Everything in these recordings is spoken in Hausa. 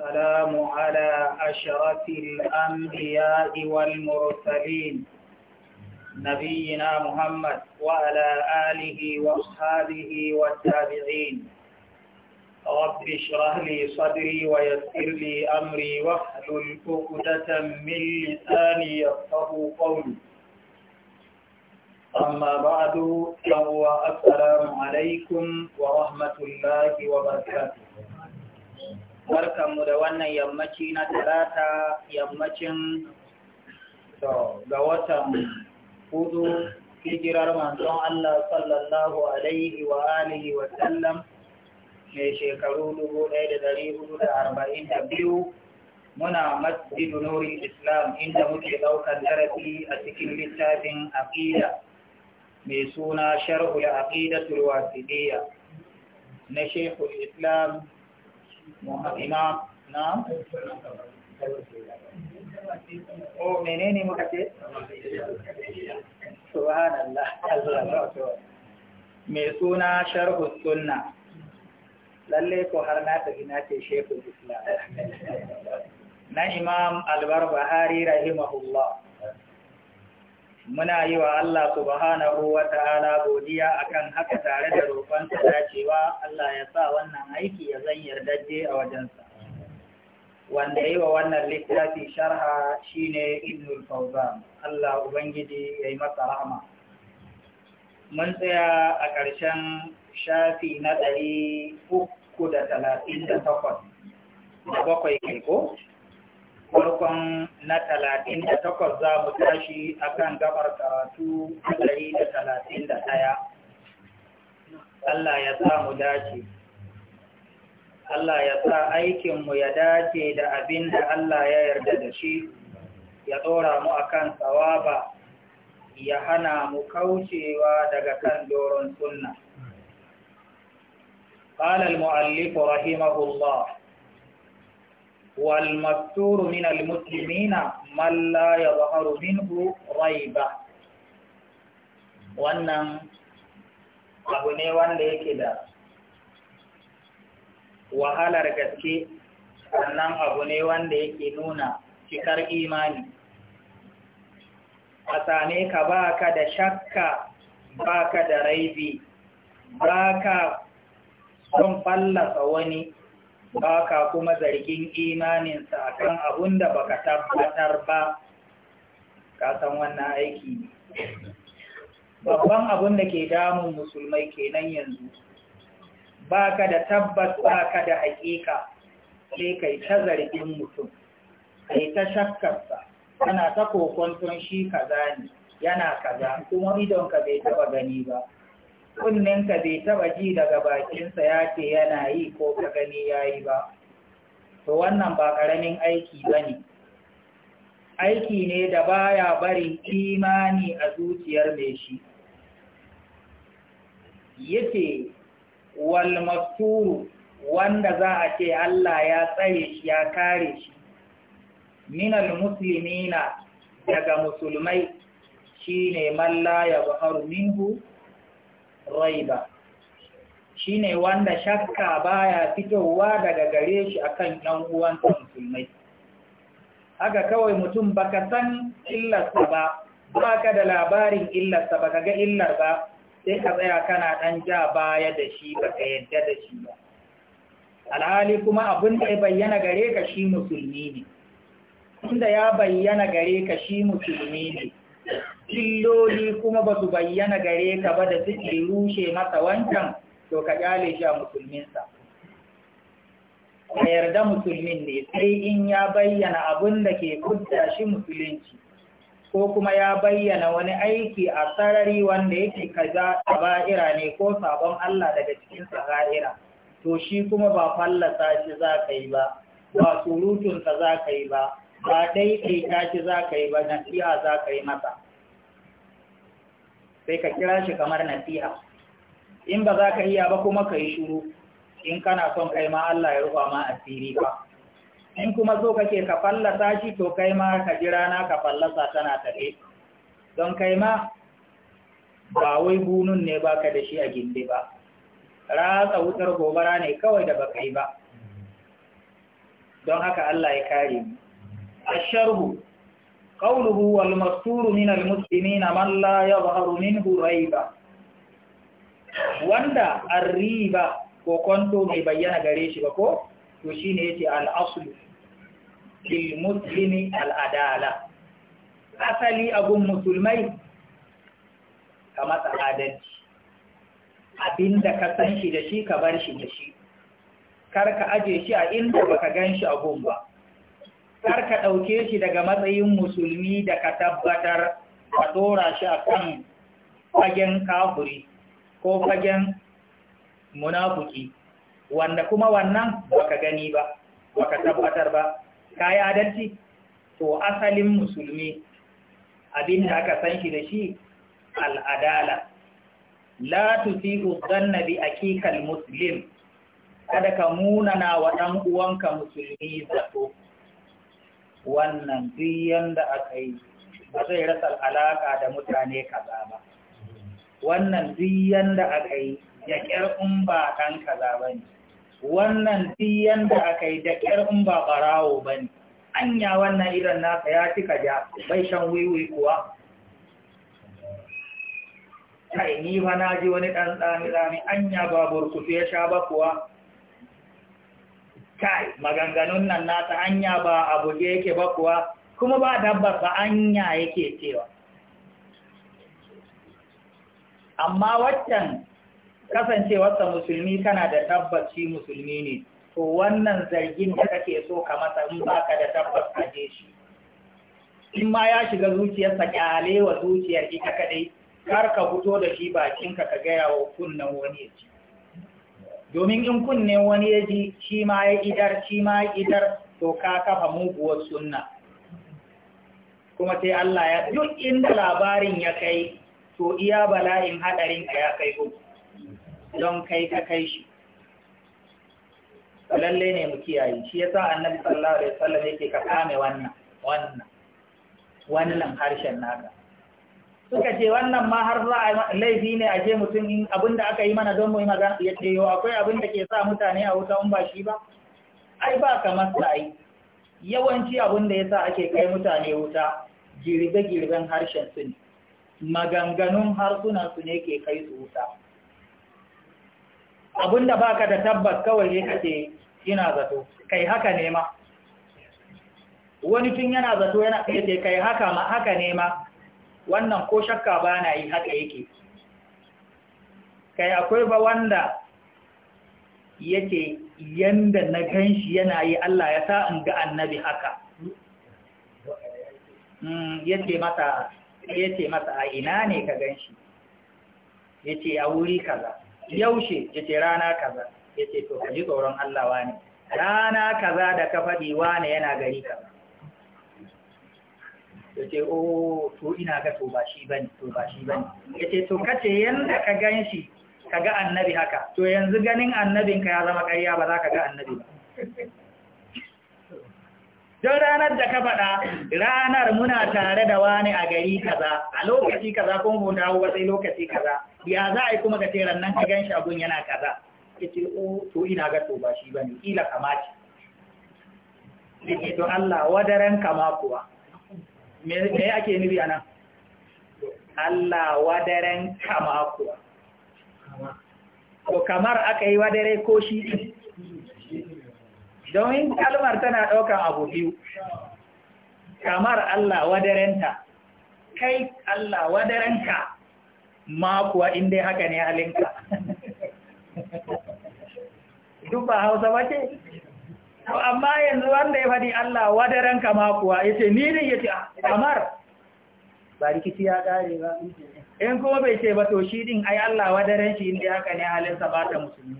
والسلام على أشرف الأنبياء والمرسلين نبينا محمد وعلى آله وأصحابه والتابعين رب اشرح لي صدري ويسر لي أمري واحلل عقدة من لساني يفقه قولي أما بعد فهو السلام عليكم ورحمة الله وبركاته barkanmu da wannan yammaci na talata yammacin ga watan hudu hijirar manzon Allah sallallahu alaihi wa alihi wa sallam mai shekaru biyu, muna masjidu nuri islam inda muke ɗaukar darasi a cikin littafin aƙida mai suna sharhul aqidatul wasidiyya na shekul islam na menene muka ce mai suna sharhu sunna lalle ko har na tafi na ce shekul islam na imam albar bahari rahimahullah muna yi wa Allah subhanahu wa ta'ala godiya akan haka tare da ta dacewa Allah ya sa wannan aiki ya zan yardaje a wajensa wanda yi wa wannan littafi sharha shine ibnul fawzan Allah ubangiji ya yi masa rahama mun tsaya a ƙarshen shafi na ɗari uku da talatin da takwas da bakwai kai ko farkon na talatin da takwas za mu tashi a kan gabar karatu ɗari da talatin da ɗaya. Allah ya sa mu dace. Allah ya sa aikinmu ya dace da abin da Allah ya yarda da shi, ya ɗora mu a kan tsawaba, ya hana mu kaucewa daga kan doron sunna. قال المؤلف رحمه الله والمستور من المسلمين من لا يظهر منه ريبة wannan abu ne wanda yake da wahalar gaske sannan abu ne wanda yake nuna cikar imani a same ka baka da shakka baka da raibi ba ka son wani baka kuma zargin imaninsa a kan abin da ba ka tabbatar ba ka san wannan aiki babban abin da ke damun musulmai kenan yanzu ba ka da tabbas ba ka da hakika sai kai ta zargin mutum kai ta shakkarsa yana ta kokonton shi kaza ne yana kaza kuma idonka bai taba gani ba kunninka bai taba ji daga bakinsa ya ce yana yi ko ka gani ya yi ba to wannan ba ƙaramin aiki ba ne aiki ne da baya barin imani a zuciyar mai shi yace wal wanda za a ce Allah ya tsare shi ya kare shi minal muslimina daga musulmai shine mallaya la yabharu minhu raiba shine wanda shakka baya fitowa daga gare shi akan ɗan uwansa musulmai haka kawai mutum baka san illarsa ba baka da labarin illarsa baka ga illar ba sai ka tsaya kana ɗan ja baya da shi baka yadda da shi ba alhali kuma abin da ya bayyana gare ka shi musulmi ne inda ya bayyana gare ka shi musulmi ne illoli kuma ba su bayyana gare ka ba da suke rushe masa wancan to ka kyale shi a musulminsa ka yarda musulmin ne sai in ya bayyana abin da ke kudda shi musulunci ko kuma ya bayyana wani aiki a sarari wanda yake kaza kaba'ira ne ko sabon Allah daga cikin sara'ira to shi kuma ba fallasa shi za ka yi ba ba surutunsa za ka yi ba ba ɗaiɗaita shi za ka yi ba nasiha za ka yi masa sai ka kira shi kamar nasiha in ba za ka iya ba kuma ka yi shuru in kana son kai ma Allah ya rufa ma asiri ba in kuma so kake ka fallasa shi to kai ma ka jira na ka fallasa tana tare don kai ma ba wai gunun ne baka da shi a gindi ba ratsa wutar gobara ne kawai da baka yi ba don haka Allah ya kare mu asharhu qawluhu wal masturu min al muslimina man la yadhharu minhu wanda arriba ko kwanto mai bayyana gare shi ba ko to shine yace al aslu lil muslimi al asali abun musulmai ka masa adalci abinda ka san shi da shi ka bar shi da shi kar ka aje shi a inda baka gan shi abun ba kar ka ɗauke shi daga matsayin musulmi da ka tabbatar ka ɗora shi a kan fagen kafuri ko fagen munafuki wanda kuma wannan baka gani ba baka tabbatar ba ka yi adalci to asalin musulmi abin da aka san shi da shi al'adala la tusi'u dhanna bi akikal muslim kada ka munana wa ɗan uwanka musulmi zato wannan duk yanda aka yi ba zai rasa alaƙa da mutane kaza ba wannan duk yanda aka yi da ƙyar in ba ɗan kaza ba ne wannan duk yanda aka yi da ƙyar in ba ɓarawo ba ne anya wannan irin nasa ya cika ja bai shan wiwi kuwa kai ni fa na ji wani ɗan tsami tsami anya ba burkutu ya sha ba kuwa kai maganganun nan na ta hanya ba a buge yake ba kuwa kuma ba dabbar ba hanya yake cewa amma waccan kasancewarsa musulmi kana da tabbaci musulmi ne to wannan zargin da kake so ka masa in baka da tabbas a je shi in ma ya shiga zuciyarsa kyale wa zuciyar ita kadai kar ka fito da shi bakinka ka gaya wa kunnan wani ya ci domin in kunne wani ya ji shi ma ya idar shi ma ya idar to ka kafa muguwar sunna kuma sai Allah ya duk inda labarin ya kai to iya bala'in hadarin ka ya kai ku don kai ka kai shi lalle ne mu kiyaye shi yasa annabi sallallahu alaihi wasallam yake ka kame wannan wannan wannan harshen naka suka ce wannan ma har za a laifi ne a je mutum in abinda aka yi mana don mu yi magana ya ce yau akwai abin da ke sa mutane a wuta in ba shi ba ai ba kamar sa yi yawanci abin da ya sa ake kai mutane wuta girbe-girben harshen su ne maganganun harsunan su ne ke kai su wuta abin da baka da tabbas kawai ne ce ina zato kai haka ne ma wani tun yana zato yana ce kai haka ma haka ne ma wannan ko shakka ba na yi haka yake kai akwai ba wanda yake yanda na ganshi yana yi Allah ya sa in ga annabi haka mm, yace mata yace mata a ina ne ka ganshi? yace a wuri kaza yaushe yace rana kaza yace to kaji tsoron Allah wani rana kaza da ka faɗi wani yana gari kaza ya ce o oh, to ina ga to ba shi bane to ba shi bane ya ce to kace yanda ka ganshi ka ga annabi haka to yanzu ganin annabinka ya zama ƙarya ba za ka ga annabi ba don ranar da ka faɗa ranar muna tare da wani a gari kaza a lokaci kaza kun dawo ba sai lokaci kaza ya za a yi kuma ka ce rannan ka gan abun yana kaza ya ce o oh, to ina ga to ba shi bane kila kamaci ya ce to Allah wadaran kama kuwa me ake nufi a nan Allah wadaren kama kuwa ko kamar aka yi wadare ko shi ɗin domin kalmar tana ɗaukan abu biyu kamar Allah wadarenta kai Allah wadarenka ma makuwa inda haka ne halinka duk ba hausa ba to amma yanzu wanda ya faɗi Allah wadaran kama kuwa ya ce ni ne ya ce kamar ah, ba rikici ya ƙare ba in kuma bai ce ba to shi din ai Allah wadaran shi inda haka ne halinsa ba ta musulmi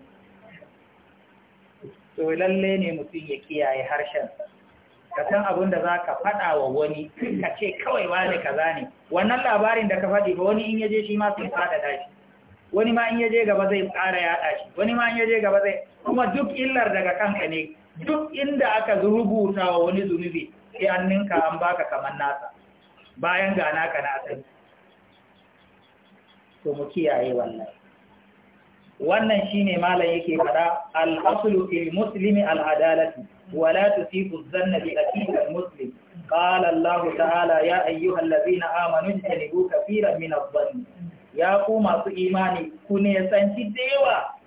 to lalle ne mutum ya kiyaye harshen ka san abin da za ka faɗa wa wani ka ce kawai wani kaza ne wannan labarin da ka faɗi ba wani in yaje shi ma sai fada shi wani ma in yaje gaba zai ƙara yaɗa shi wani ma in yaje gaba zai kuma duk illar daga kanka ne duk inda aka rubuta wa wani zunubi sai an ninka an baka kamar nasa bayan ga ka na sani to mu kiyaye wannan wannan shine malam yake fada al-aslu fil muslimi al-adalati wa la tusifu dhanna bi aqiqal muslim qala Allah ta'ala ya ayyuhal na amanu tanibu kafiran min adh-dhanni ya ku masu imani ku ne sanci dewa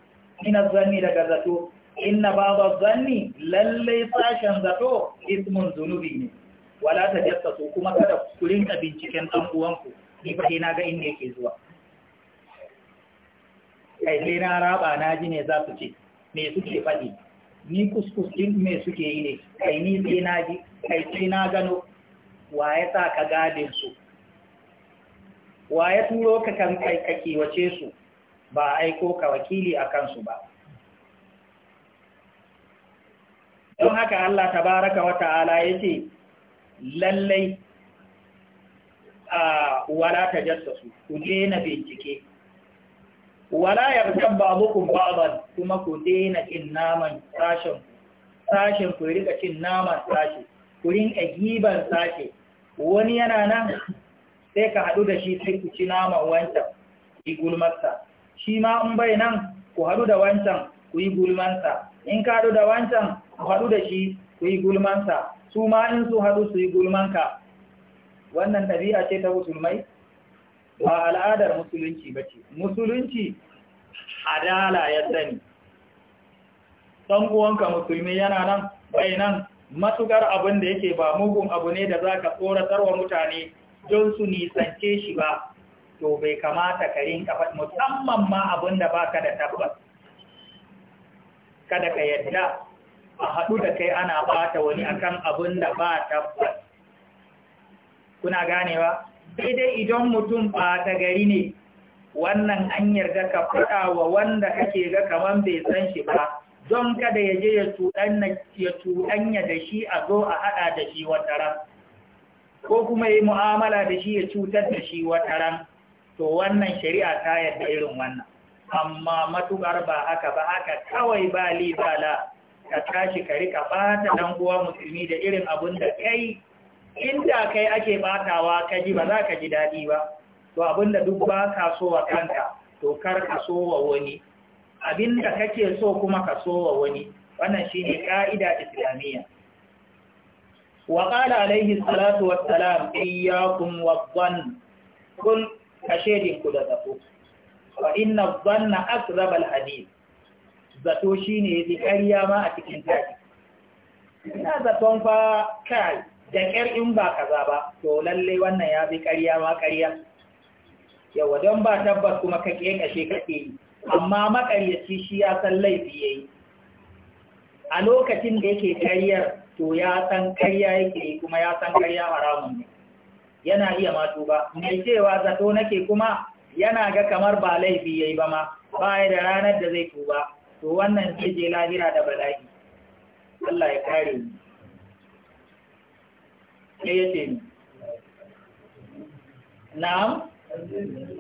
min adh-dhanni daga zato inna baba zanni lallai sashen zato ismun zunubi ne wala ta su kuma kada ku rinka binciken ɗan uwanku ni fa na ga inda yake zuwa kai sai na raba na ji ne za su ce me suke faɗi ni kuskus din me suke yi ne kai ni sai na ji kai sai na gano wa ya sa ka gadin su wa ya turo ka kan kai ka wace su ba aiko ka wakili a kansu ba don haka Allah tabaraka wa ta'ala ce lallai a wala su ku daina bincike wala ya ba ba'dukum ba'dan kuma ku daina cin naman sashen sashen ku rika cin naman sashe ku yi agiban sashe wani yana nan sai ka haɗu da shi sai ku ci naman wancan ku yi gulmarsa shi ma in bai nan ku haɗu da wancan ku yi gulmansa in ka haɗu da wancan ku haɗu da shi su yi gulmansa su ma in su haɗu su yi gulmanka wannan ɗabi'a ce ta musulmai ba al'adar musulunci ba ce musulunci adala ya sani ɗan uwanka musulmi yana nan bai nan matukar abin da yake ba mugun abu ne da za ka wa mutane don su nisance shi ba to bai kamata ka yi faɗi musamman ma abin da ba ka da tabbas kada ka yadda a haɗu da kai ana bata wani akan abin da ba tabbas kuna ganewa daidai idan mutum ba gari ne wannan an yarda ka faɗa wa wanda kake ga kaman bai san shi ba don kada ya je ya cuɗanya da shi a zo a haɗa da shi wata ran ko kuma yi mu'amala da shi ya cutar da shi wata ran to wannan shari'a ta yarda irin wannan amma matuƙar ba haka ba haka kawai ba libala ka tashi ka rika bata dan uwa musulmi da irin abun da kai inda kai ake batawa ka ji ba za ka ji daɗi ba to abun da duk ba ka so wa kanka to kar ka so wa wani abin da kake so kuma ka so wa wani wannan shi ne ƙa'ida islamiyya wa qala alaihi salatu wassalam iyyakum wa kun kashe dinku da wa inna dhanna akzabal hadith zato shi ne ya fi ƙarya ma a cikin tashi ina zaton fa kai da ƙyar in ba kaza ba to lallai wannan ya fi ƙarya ma ƙarya yawa don ba tabbas kuma ka ka ke yi amma maƙaryaci shi ya san laifi ya yi a lokacin da yake ƙaryar to ya san ƙarya yake yi kuma ya san ƙarya haramun ne yana iya ma tuba mai cewa zato nake kuma yana ga kamar ba laifi ya yi ba ma baya da ranar da zai tuba to wannan sai je lahira da bala'i Allah ya kare ni sai ya ce na'am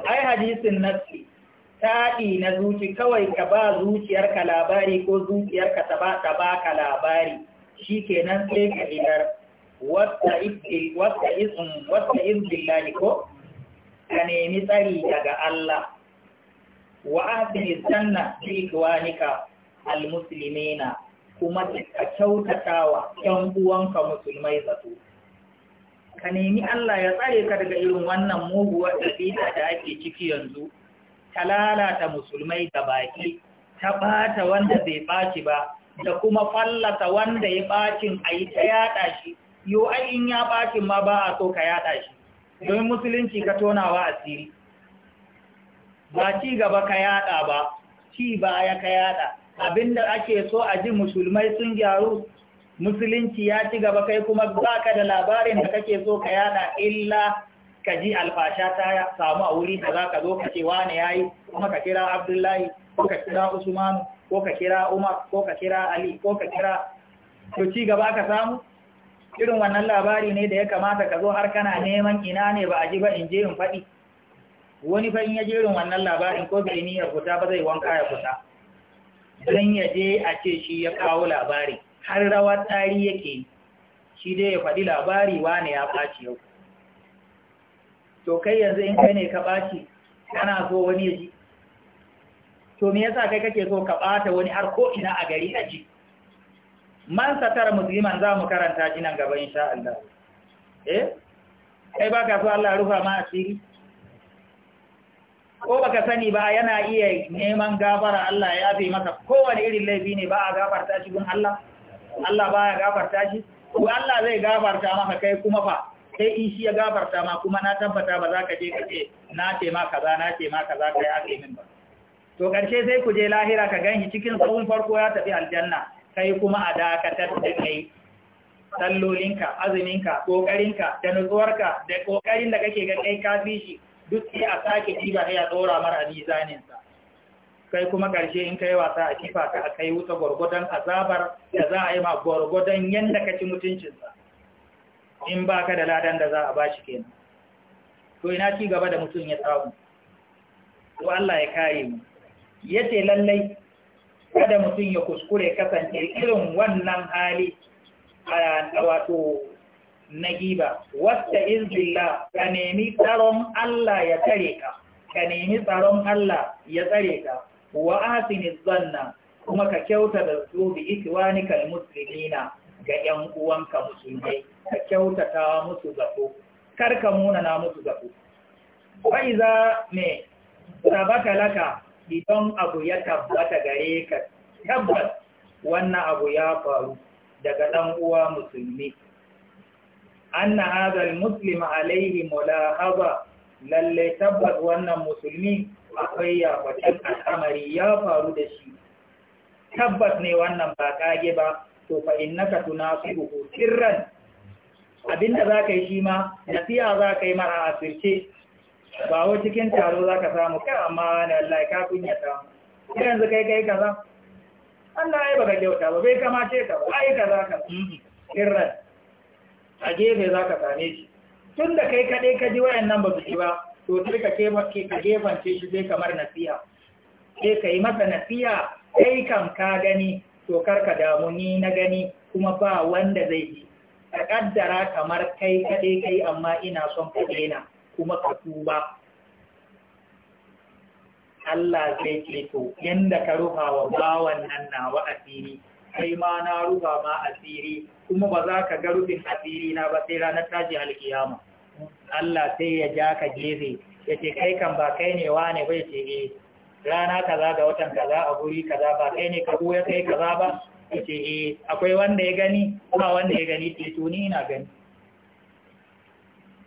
ai hadisin nasi taɗi na zuci kawai ka ba zuciyarka labari ko zuciyarka ta ba ta ba ka labari shi kenan sai ka idar izin wasta izin billahi ko ka nemi tsari daga Allah wa ahdi sanna fi ikwanika almuslimina kuma ka kyautatawa ƴan uwanka musulmai zato ka nemi Allah ya tsare ka daga irin wannan muguwar ɗabi'a da ake ciki yanzu ta lalata musulmai da baki ta ɓata wanda bai ɓaci ba da kuma fallata wanda ya ɓacin a yi ta yada shi yo ai in ya ɓacin ma ba a so ka yaɗa shi domin musulunci ka tonawa asiri ba ci gaba ka yada ba ci baya ka yaɗa. Abin da ake so a ji musulmai sun gyaru musulunci ya ci gaba kai kuma baka da labarin da kake so ka yaɗa illa ka ji alfasha ta samu a wuri da za ka zo ka ce wane yi, kuma ka kira abdullahi ko ka kira Usman, ko ka kira umar ko ka kira ali ko ka kira to ci gaba ka samu irin wannan labari ne da ya kamata ka zo har kana neman ina ne ba a ji ba in je in faɗi wani fa in ya jerin wannan labarin ko bai niyyar fita ba zai wanka ya fita don ya je a ce shi ya kawo labari har rawar tsari yake shi dai ya faɗi labari wane ya ɓaci yau to kai yanzu in kai ne ka ɓaci kana so wani ya ji to me yasa kai kake so ka ɓata wani har ko ina a gari a ji man satar musulman za mu karanta shi nan gaba insha Allah eh kai baka so Allah rufa ma asiri ko baka sani ba yana iya neman gafara Allah ya fi masa kowane irin laifi ne ba a gafarta shi gun Allah Allah ba ya gafarta shi ko Allah zai gafarta maka kai kuma fa sai in shi ya gafarta ma kuma na tabbata ba za ka je ka na ce ma kaza na ce ma kaza kai a yi min ba to karshe sai ku je lahira ka ganshi cikin tsawon farko ya tafi aljanna kai kuma a dakatar da kai sallolinka azuminka kokarinka da nutsuwarka da kokarin da kake ga kai ka fi shi duk sai a sake ɗiba sai a tsora mara a sa. kai kuma karshe in kai wasa a kifa ka a kai wuta gwargwadon azabar da za a yi ma gwargwadon yanda ka ci mutuncinsa in ba ka da ladan da za a bashi kenan to ina ci gaba da mutum ya samu to Allah ya kare mu yace lallai kada mutum ya kuskure kasance irin wannan hali a wato na giba wasta izbillah ka nemi tsaron Allah ya tsare ka ka nemi tsaron Allah ya tsare ka wa ahsini zanna kuma ka kyauta da su bi ikwanikal ga 'yan uwanka musulmai ka kyauta ta musu zafo, kar ka muna na musu zafo. fa za me sabaka laka idan abu ya tabbata gare ka tabbas wannan abu ya faru daga ɗan musulmi anna hadha muslim alaihi mulahaba lalle tabbas wannan musulmi akwai yafatin al'amari ya faru da shi tabbas ne wannan ba kage ba to fa innaka uku. sirran abinda za ka yi shi ma za ka yi mara asirce ba wa cikin taro za ka samu kai amma wani Allah ka kunya ta yanzu kai kai kaza Allah ya baka kyauta ba bai kamace ka ba ai kaza ka mm-hmm. sirran a gefe za ka same shi tun da kai kaɗai ka ji wayannan ba su ji ba to sai ka gefance shi zai kamar nasiya sai ka yi masa nasiya kai kam ka gani to kar ka damu ni na gani kuma ba wanda zai ji ka kaddara kamar kai kaɗai kai amma ina son ka dena kuma ka tuba Allah zai ce to yanda ka rufa wa bawan nan nawa asiri kai ma na ruba ma asiri kuma ba za ka ga rufin asiri na ba sai ranar tashi alkiyama Allah sai ya ja ka gefe ya ce kai kan ba kai ne wane bai ce ne eh, rana kaza ga watan kaza a guri kaza ba kai ne ka ya kai kaza ba ya ce eh akwai wanda ya gani kuma wanda ya gani ce tuni ina gani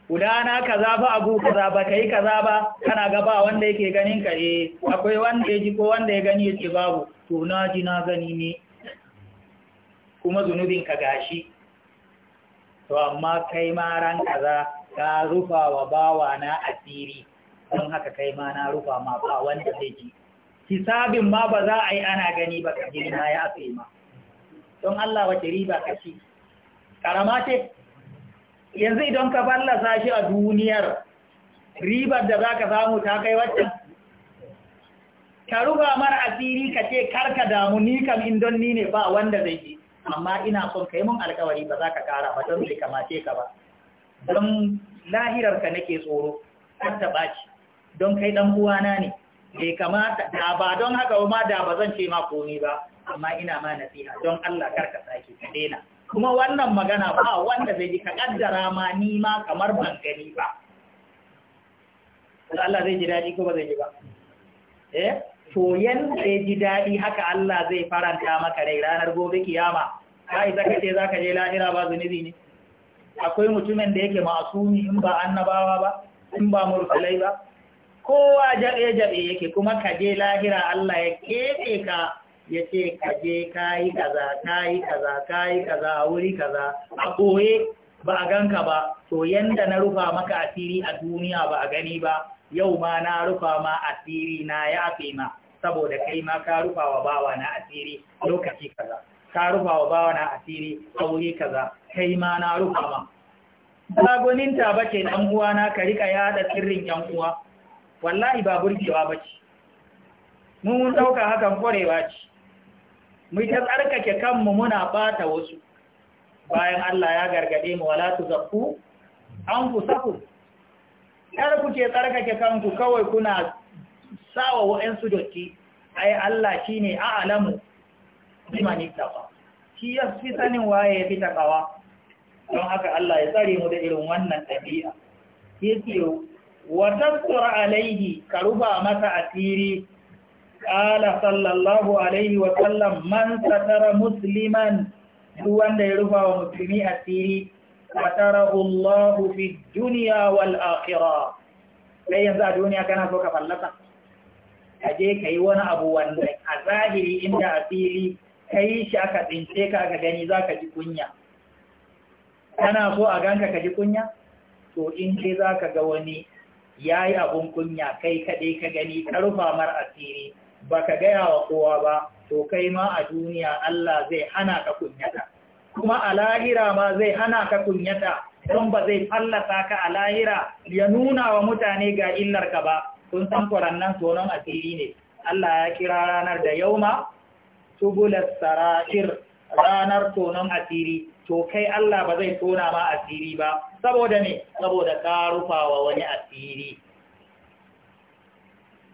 gudana kaza ba abu kaza ba kai kaza ba kana ga ba wanda yake ganin ka eh akwai wanda ya ji ko wanda ya gani ya ce babu to na ji na gani ne kuma zunubin ka gashi to amma kai ma ran kaza ka rufa wa bawa na asiri don haka kai ma na rufa ma ba wanda zai ji hisabin ma ba za a yi ana gani ba ka na ya afe ma don Allah wace riba ka ci karama ce yanzu idan ka fallasa shi a duniyar ribar da za ka samu ta kai wacce ka rufa mara asiri ka ce karka damu ni kam indon ni ne ba wanda zai ji amma ina son kai mun alkawari ba za ka kara ba don bai kamace ka ba don lahirarka nake tsoro kar ta ɓaci don kai ɗan uwana ne bai kamata da ba don haka ma da ba zan ce ma komi ba amma ina ma nasiha don Allah kar ka sake ka daina kuma wannan magana ba wanda zai ji ka kaddara ma ni ma kamar ban gani ba Allah zai ji daɗi ko ba zai ji ba eh to da ya ji daɗi haka Allah zai faranta maka rai ranar gobe kiyama ba isa ka ce za ka je lahira ba zunubi ne akwai mutumin da yake ma'asumi in ba annabawa ba in ba mursalai ba kowa jaɓe-jaɓe yake kuma ka je lahira Allah ya keɓe ka ya ce ka je ka yi kaza ka yi kaza ka yi kaza a wuri kaza a ɓoye ba a ganka ba to yanda na rufa maka asiri a duniya ba a gani ba yau ma na rufa ma asiri na ya afe ma saboda kai ma ka rufa wa bawa na asiri lokaci kaza ka rufa wa bawa na asiri sauri kaza kai ma na rufa ma ta bace dan uwa na ka rika yada sirrin yan uwa wallahi ba burgewa bace mun dauka hakan korewa ce mu ta tsarkake kanmu muna bata wasu bayan Allah ya gargade mu wala tuzakku anfusakum kar ku ce tsarkake kanku kawai kuna sawa wayansu dotti ai Allah shine a'lamu ma ni taqa shi ya fi sanin waye ya fi takawa don haka Allah ya tsare mu da irin wannan ɗabi'a yake wa tasura alaihi ka ruba masa asiri qala sallallahu alaihi wa sallam man satara musliman duk wanda ya rufa wa musulmi asiri satarahu Allah fi duniya wal akhirah sai yanzu a duniya kana so ka fallata. ka je ka yi wani abu wanda a zahiri inda a fili ka yi shi aka tsince ka aka gani za ka ji kunya kana so a ganka ka ji kunya to in ce za ka ga wani ya yi abun kunya kai kaɗai ka gani ka rufa mar asiri ba ka gaya wa kowa ba to kai ma a duniya Allah zai hana ka kunyata kuma a lahira ma zai hana ka kunyata don ba zai fallasa ka a lahira ya nuna wa mutane ga illarka ba kun san farannan tonon asiri ne Allah ya kira ranar da yau ma. tubular sara'ir ranar tonon asiri to kai Allah ba zai tona ma asiri ba saboda ne saboda ka rufawa wani asiri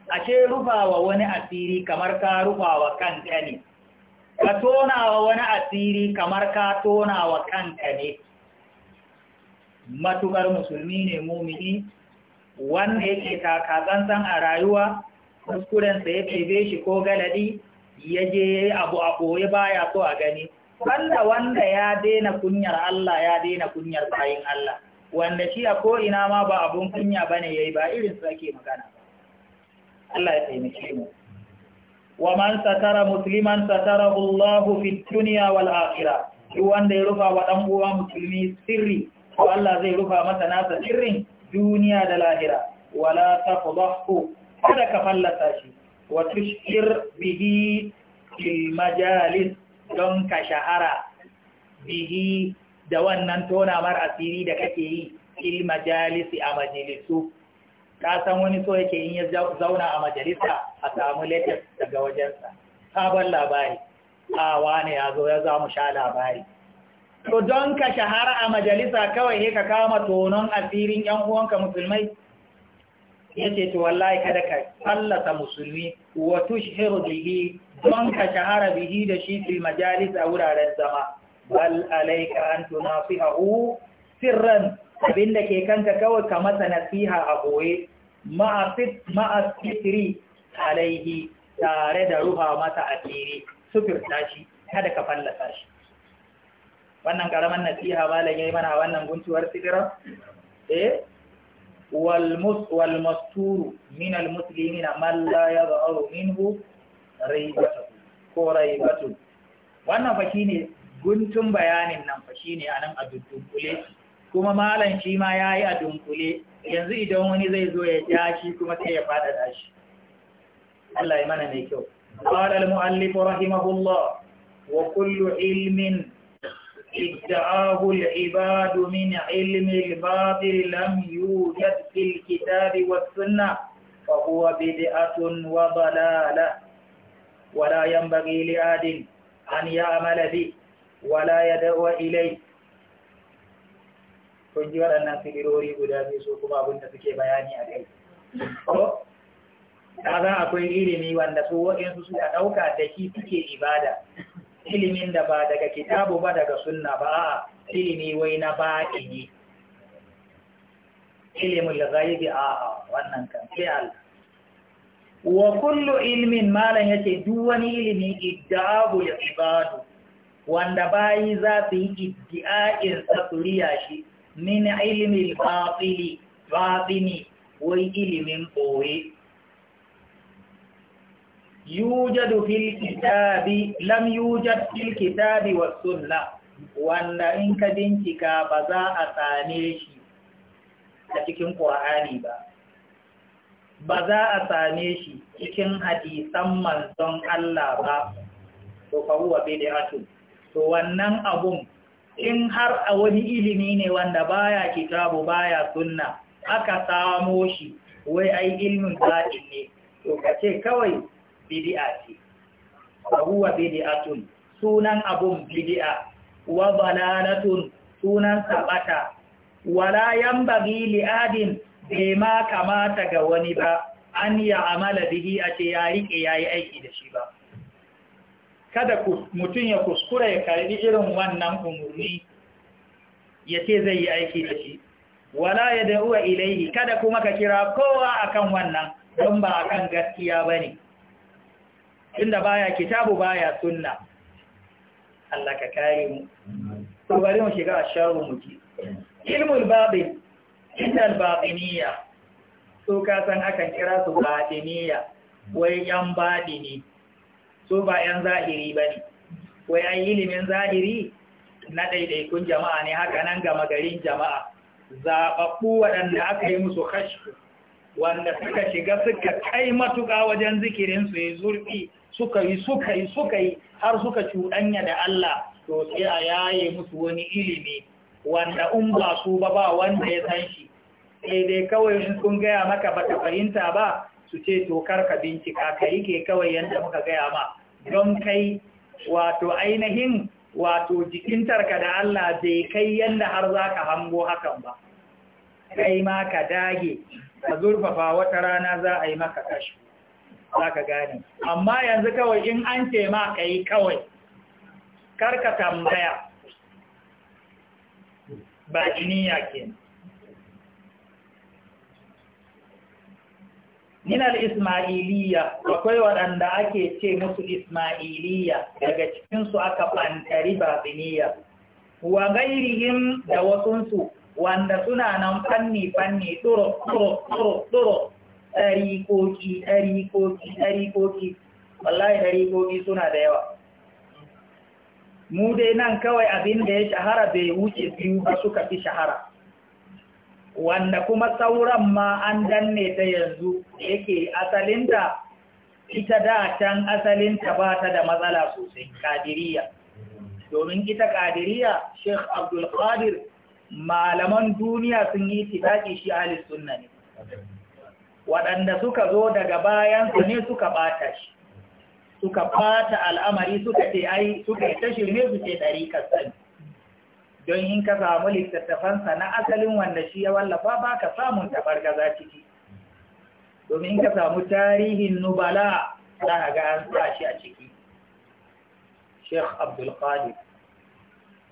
rufa rufawa wani asiri kamar ka rufawa kanka ne ka tonawa wani asiri kamar ka tonawa kanka ne matukar musulmi ne mumini wanda yake taka tsantsan a rayuwa kuskurensa ya ɗebe shi ko galadi ya je ya yi abu a ɓoye baya so a gani banda wanda ya daina kunyar Allah ya daina kunyar bayin Allah wanda shi a ko'ina ma ba abun kunya ba ne ya yi ba irin su ake magana Allah ya taimake mu wa man satara musliman satara Allahu fi dunya wal akhirah duk wanda ya rufa wa dan uwa musulmi sirri to Allah zai rufa masa nasa sirrin duniya da lahira wala ta tafdahu kada ka fallata shi wa tushir bihi majalis don ka shahara bihi da wannan tonamar asiri da kake yi fil majalisi a majalisu ka san wani so yake yin ya zauna a majalisa a samu latest daga wajensa sabon labari a wane ya zo ya za mu sha labari to don ka shahara a majalisa kawai ne ka kama tonon asirin yan uwanka musulmai Ya ce to wallahi kada ka fallasa musulmi wa tushhiru bihi don ka shahara bihi da shi fil majalis a wuraren zama bal alayka an tunasihu sirran abinda ke kanka kawai ka masa nasiha a boye ma'a alaihi tare da ruha mata asiri sufirta shi kada ka fallasa shi wannan karaman nasiha malam yayi mana wannan guntuwar sidira eh wal mus wal mastur min al muslimin man la yadhuru minhu raibatu ko raibatu wannan fa shine guntun bayanin nan fa shine anan a dunkule kuma malam shi ma yayi a dunkule yanzu idan wani zai zo ya ja shi kuma sai ya fada shi Allah ya mana mai kyau al muallif rahimahullah wa kullu ilmin ادعاه العباد من علم الباطل لم يوجد في الكتاب والسنة فهو بدعة وضلالة ولا ينبغي لآد أن يعمل به ولا يدعو إليه kun ji waɗannan figirori guda biyu su kuma abin da suke bayani a kai. Ta za akwai ilimi wanda su waɗansu su a ɗauka da shi suke ibada, ilimin da ba daga kitabu ba daga sunna ba a ilimi wai na ne ilimin da zai bi a wannan kan sai Allah wa kullu ilmin malam yace duk wani ilimi iddabu ya ibadu wanda bayi za su yi iddi'a'in tsuriya shi min ilimin batili batini wai ilimin ɓoye yujadu fil kitabi lam yujad fil kitabi was sunna wanda in ka bincika ba za a same shi a cikin Qur'ani ba za a same shi cikin hadisan manzon Allah ba to fa huwa bid'atu to wannan abun in har a wani ilimi ne wanda baya kitabu baya sunna aka samo shi wai ai ilmin zaɗi ne to kace kawai bid'a ce wa huwa bid'atun sunan abun bid'a wa balalatun sunan sabata wala yambagi li adin bai ma kamata ga wani ba an ya amala bihi a ce ya rike ya yi aiki da shi ba kada mutum ya kuskura ya karbi irin wannan umarni ya ce zai yi aiki da shi wala ya da'uwa ilaihi kada kuma ka kira kowa akan wannan don ba akan gaskiya bane tunda baya kitabu baya sunna Allah ka kare mu to bari mu shiga asharu mu ji ilmul batin indal batiniya so ka san akan kira su batiniya wai yan ne. so ba yan zahiri bane wai ai ilimin zahiri na daidaikun jama'a ne haka nan gama garin jama'a zaɓaɓɓu waɗanda aka yi musu kashfu wanda suka shiga suka kai matuƙa wajen zikirinsu ya zurfi suka yi suka yi suka yi har suka cuɗanya da Allah to sai a yaye musu wani ilimi wanda in ba su ba ba wanda ya san shi sai dai kawai in sun gaya maka ba ta fahimta ba su ce to karka bincika ka yi ke kawai yadda muka gaya ma don kai wato ainihin wato jikintarka da Allah bai kai yadda har za ka hango hakan ba kai ma ka dage ka zurfafa wata rana za a yi maka kashi za ka gane amma yanzu kawai in an ce ma ka yi kawai karka tambaya ba iniya ke Ninal ismailiya akwai waɗanda ake ce musu ismailiya daga cikinsu aka ɓantari batsiniya wa gairihim da wasunsu wanda suna nan fanni-fanni tsoro tsoro tsoro Ɗarikoki, ɗarikoki, ɗarikoki, wallahi ɗarikoki suna da yawa mu dai nan kawai abin da ya shahara bai wuce biyu ba suka fi shahara wanda kuma sauran ma an danne ta yanzu yake asalinta ita da can asalinta ba ta da matsala sosai kadiriya domin ita kadiriya sheikh abdulkadir malaman duniya sun yi tifaki shi alis sunna ne waɗanda suka zo daga bayansu ne suka ɓata shi suka ɓata al'amari suka ce ai suka yi ta shirme su ce ɗari kasani don in ka samu littattafansa na asalin wanda shi ya wallafa ba ka samun tabargaza ciki domin ka samu tarihin nubala za a ga an shi a ciki sheikh abdulkadir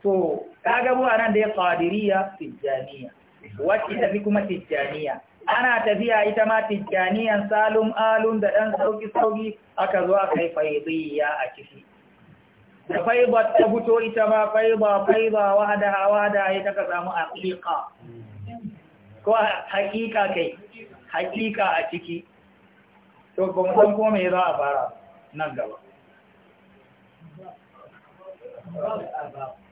to ka gabo a nan da ya ƙadiriya tijjaniya wacce tafi kuma tijjaniya ana tafiya ita ma tijjaniyan salum alun da ɗan sauki-sauki aka zo aka yi faidiyya a ciki da faiba ta fito ita ma faiba faiba wahada wahada ya taka samu haƙiƙa ko haƙiƙa kai haƙiƙa a ciki to ba san kome me za a fara nan gaba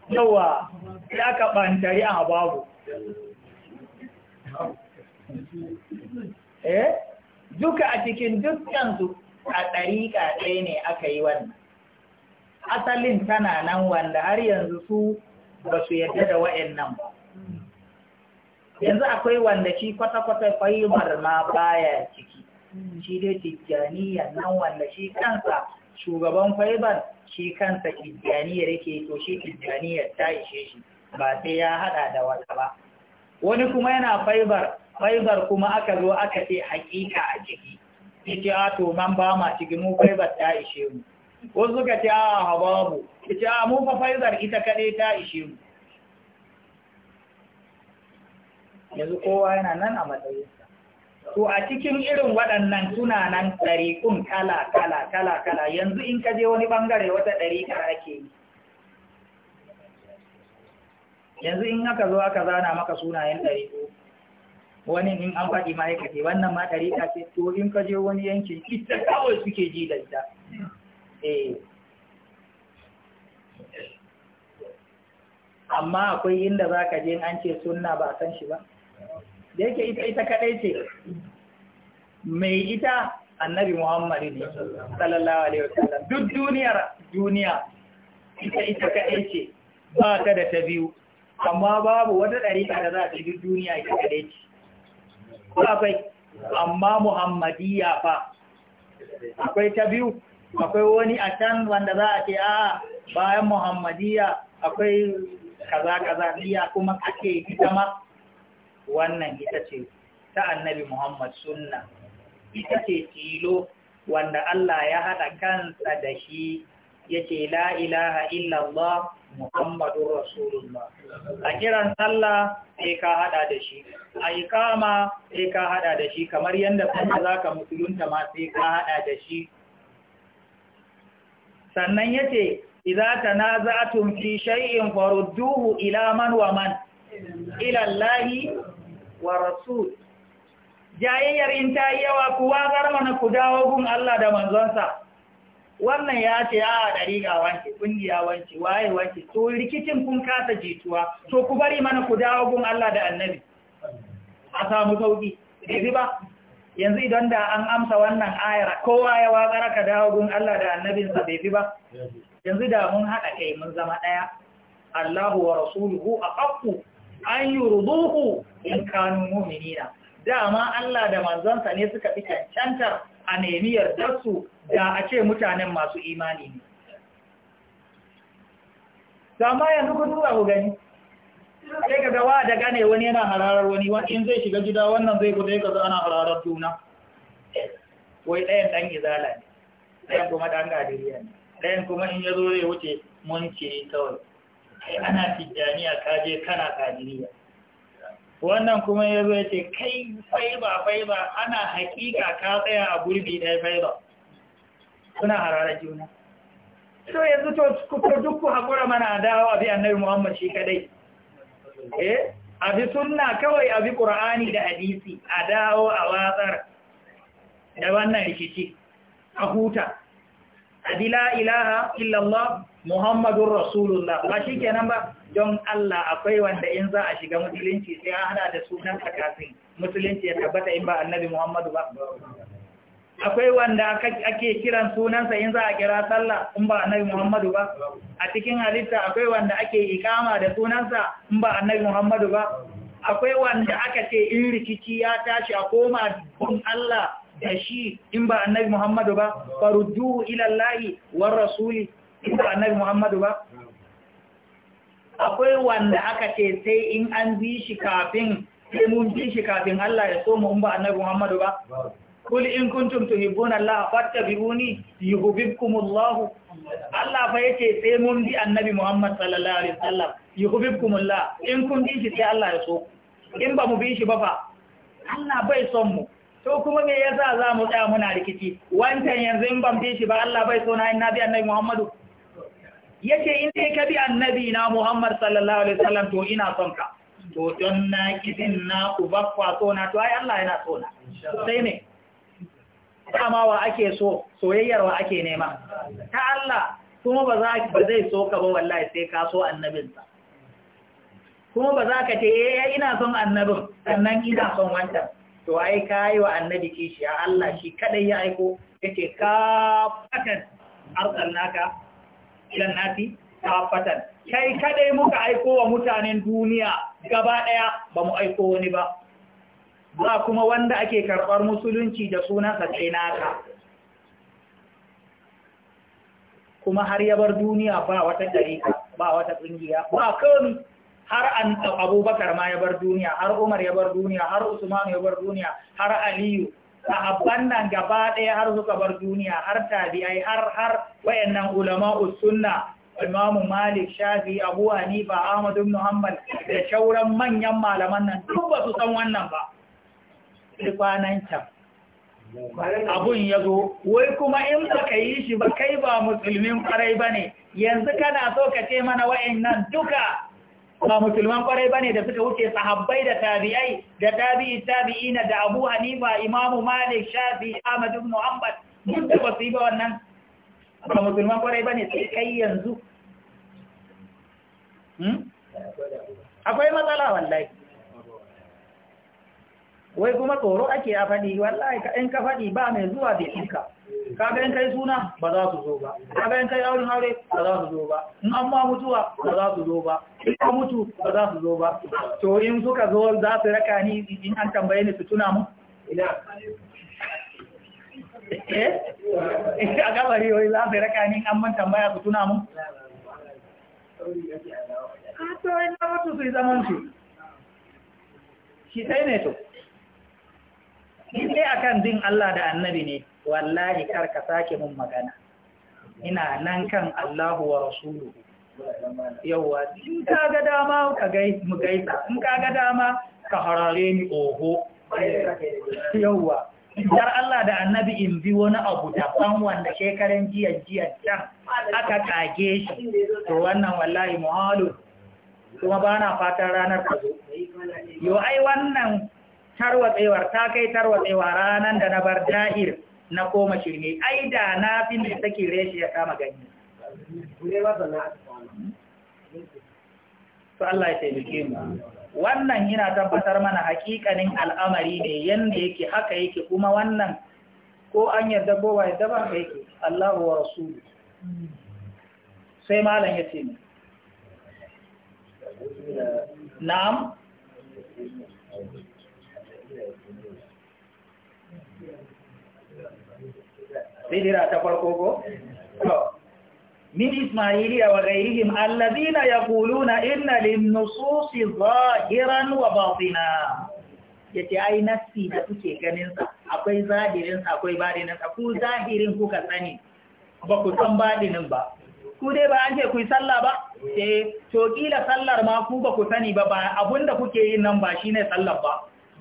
Yawwa, ya ka ɓantari a babu eh duka a cikin dukkansu a ɗariƙa ɗaya ne aka yi wannan asalin tana nan wanda har yanzu su ba su yadda da nan ba yanzu akwai wanda shi kwata-kwata fahimar ma baya ciki shi dai tijjaniya nan wanda shi kansa shugaban faibar shi kansa tijjaniyar yake to shi tijjaniyar ta ishe shi ba sai ya hada da wata ba wani kuma yana faibar faibar kuma aka zo aka ce hakika a ciki ce a ah, to man ba ma ciki mu faibar ta ishe mu wasu suka ce a ah, hababu ce a ah, mu fa faibar ita kaɗe ta ishe mu yanzu kowa yana nan a matsayinsa to a cikin irin waɗannan tunanan ɗariƙun kala kala kala kala yanzu in ka je wani ɓangare wata ɗariƙar ake yi yanzu in aka zo aka zana maka sunayen ɗariƙo wani in an faɗi ma ya wannan ma ɗariƙa ce to in ka je wani yankin ita kawai suke ji da ita eh. amma akwai inda za ka je an ce sunna ba a san shi ba da yake ita ita kaɗai ce mai ita annabi muhammadu ne sallallahu alaihi wasallam duk duniyar duniya ita ita kaɗai ce ba ka da ta biyu amma babu wata ɗari da za a ce duk duniya ita kaɗai ce ko akwai amma muhammadiya fa akwai ta biyu akwai wani a can wanda za a ce a bayan muhammadiya akwai kaza kaza biya kuma ake ita ma wannan ita ce ta annabi muhammad sunna ita ce tilo wanda Allah ya haɗa kansa da shi ya ce la ilaha illallah Muhammadun Rasulullah. A kiran sallah sai ka hada da shi, a yi kama sai ka hada da shi, kamar yadda kuma za ka musulunta ma sai ka hada da shi. Sannan ya ce, Iza ta na za a fi shay'in farudduhu ila man wa man, ilallahi wa rasul. Jayayyar in ta yi yawa kuwa garmana ku dawo gun Allah da manzonsa. wannan ya ce a ga wanke ƙungiya wanke waye wanke to rikicin kun kasa jituwa to ku bari mana ku dawo gun Allah da annabi a samu sauƙi ɗari ba yanzu idan da an amsa wannan ayar kowa ya watsara ka dawo gun Allah da annabinsa bai fi ba yanzu da mun haɗa kai mun zama ɗaya Allahu wa rasuluhu a haƙƙu an yi ruduhu in kanu mu'minina dama Allah da manzansa ne suka fi cancantar a nemiyar dasu da a ce mutanen masu imani ne. Sama yanzu ku tura ku gani, sai ka gawa da gane wani yana hararar wani wani in zai shiga gida wannan zai guda ya gaza ana hararar juna. Wai ɗayan ɗan izala ne, ɗayan kuma ɗan gadiriya ne, ɗayan kuma in ya zo zai wuce mun ce kawai. Ana tijjaniya kaje kana gadiriya. wannan kuma ya zo ce kai faiba faiba ana hakika ka tsaya a gurbi ɗaya faiba suna harara juna so yanzu to kuka duk hakura mana dawo abi annabi muhammad shi kadai eh abi sunna kawai abi qur'ani da hadisi a dawo a watsar da wannan rikici a huta abi la ilaha illallah Muhammadun Rasulullah ba shi kenan ba don Allah akwai wanda in za a shiga musulunci sai a hada da sunan kafin musulunci ya tabbata in ba annabi Muhammadu ba akwai wanda ake kiran sunansa in za a kira sallah in ba annabi Muhammadu ba a cikin halitta akwai wanda ake ikama da sunansa in ba annabi Muhammadu ba akwai wanda aka ce in rikici ya tashi a koma bin Allah da shi in ba annabi Muhammadu ba farudduhu ila Allah war rasuli in ba annabi Muhammadu ba akwai wanda aka ce sai in an bi shi kafin sai mun bi shi kafin Allah ya so mu in ba annabi Muhammadu ba kul in kuntum tuhibbuna Allah fattabi'uni yuhibbukumullah Allah fa yace sai mun bi annabi Muhammad sallallahu alaihi wasallam yuhibbukumullah in kun bi shi sai Allah ya so in ba mu bi shi ba fa Allah bai son mu to kuma me yasa za mu tsaya muna rikici wancan yanzu in ban bi shi ba Allah bai so na in na bi annabi Muhammadu yace in dai ka bi annabi na Muhammad sallallahu alaihi wasallam to ina son ka to don na kidin na bakwa so na to ai Allah yana so na sai ne kama wa ake so soyayyar wa ake nema ta Allah kuma ba za ba zai so ka ba wallahi sai ka so annabinsa kuma ba za ka ce eh ina son annabin sannan ina son wancan to ai kai wa annabi kishi Allah shi kadai ya aiko yace ka fatan arsalnaka ilan nasi kafatan kai kadai muka aiko wa mutanen duniya gaba daya ba mu aiko wani ba ba kuma wanda ake karbar musulunci da sunansa sai naka kuma har ya bar duniya ba wata dariƙa ba wata ƙungiya ba kawai har an abubakar ma ya bar duniya har umar ya bar duniya har usman ya bar duniya har aliyu sahabban nan gaba ɗaya har suka bar duniya har tabi'ai har har wayannan ulama sunna Imam Malik Shafi Abu Hanifa Ahmad ibn Hanbal da shauran manyan malaman nan duk ba su san wannan ba sai kwanan can abun ya zo wai kuma in ka yi shi ba kai ba musulmin kwarai bane yanzu kana so ka ce mana wayannan duka ba musulman kwarai bane da suka wuce sahabbai da tabi'ai da tabi'i tabi'ina da Abu Hanifa Imam Malik Shafi Ahmad ibn Hanbal mun da su yi ba wannan ba musulman kwarai bane sai kai yanzu hmm? akwai matsala wallahi wai kuma tsoro ake ya faɗi wallahi in ka faɗi ba mai zuwa bai Ka ga in kai suna ba za su zo ba Ka ga in kai auren aure ba za su zo ba in an ma mutuwa ba za su zo ba in ka mutu ba za su zo ba to in suka zo za su raka ni in an tambaye ni su tuna mu eh? eh a gabari wai za su raka ni in an man tambaya su tuna mu to ina mutu su yi zaman su shi sai ne to in dai akan din Allah da annabi ne wallahi kar ka sake mun magana ina nan kan Allahu wa rasuluhu yawa in ka ga dama ka gai mu gaisa in ka ga dama ka harare ni oho yawa dar Allah da annabi in bi wani abu ban wanda shekaran jiya jiya can aka kage shi to wannan wallahi muhalu kuma ba na fatan ranar ka zo yo ai wannan tarwatsewar ta kai tarwatsewa ranan da na bar da'ir na koma shirme ai da na fi mai take reshi ya kama ganye to Allah ya taimake mu wannan yana tabbatar mana hakikanin al'amari ne yanda yake haka yake kuma wannan ko an yarda ko ba yarda ba yake Allahu wa rasulu sai malam ya ce na'am sihira ta farko ko min Ismaili wa ghairihim alladhina yaquluna inna lin-nususi zahiran wa batina yace ai nasi da kuke ganin sa akwai zahirin sa akwai batinin sa ku zahirin ka sani ba ku san batinin ba ku dai ba an ce ku yi sallah ba eh to kila sallar ma ku ba ku sani ba ba abinda kuke yin nan ba shine sallar ba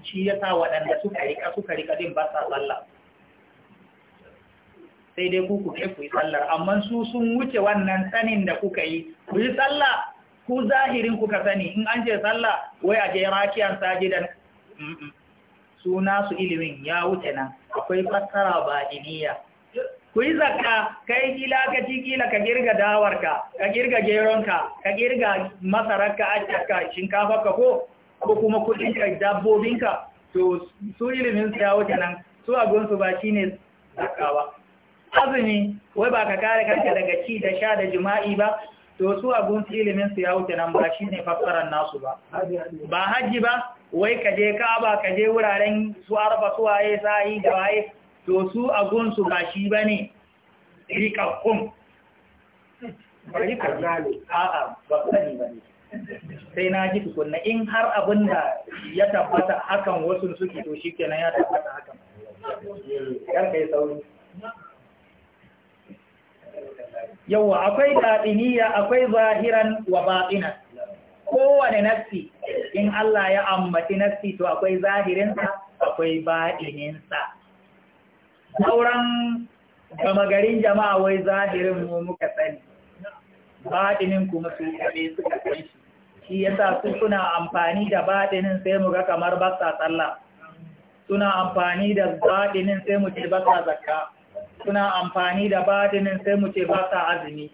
shi yasa waɗanda suka rika suka rika din ba sa sallah sai dai ku je ku yi sallar amma su sun wuce wannan sanin da kuka yi ku yi sallah ku zahirin kuka sani in an ce sallah wai a je rakiyan sajidan su nasu ilimin ya wuce nan akwai fassara badiniya ku yi zakka kai kila ka ci kila ka girga dawarka ka girga geronka ka girga masararka ajiyarka shinkafarka ko ko kuma kuɗinka dabbobinka to su ilimin su ya wuce nan su gonsu ba shine zakka ba azumi wai ba ka kare kanka daga ci da sha da jima'i ba to su abun ilimin su ya wuce nan ba shine fassarar nasu ba ba hajji ba wai ka je Ka'aba ka je wuraren su arfa su waye sa'i da waye to su a gunsu ba shi ba ne rikakkun. sai na ji tukunna in har abin da ya tabbata hakan wasu suke to shi kenan ya tabbata hakan kar sauri yawa akwai batiniya akwai zahiran wa batina kowane nafsi in Allah ya ambaci nafsi to akwai zahirinsa akwai batininsa sauran gama garin jama'a wai zahirin mu muka sani batinin kuma su kabe suka shi yasa su suna amfani da batinin sai mu ga kamar ba sa sallah suna amfani da batinin sai mu ci ba sa zakka suna amfani da badinin sai mu ce ba sa azumi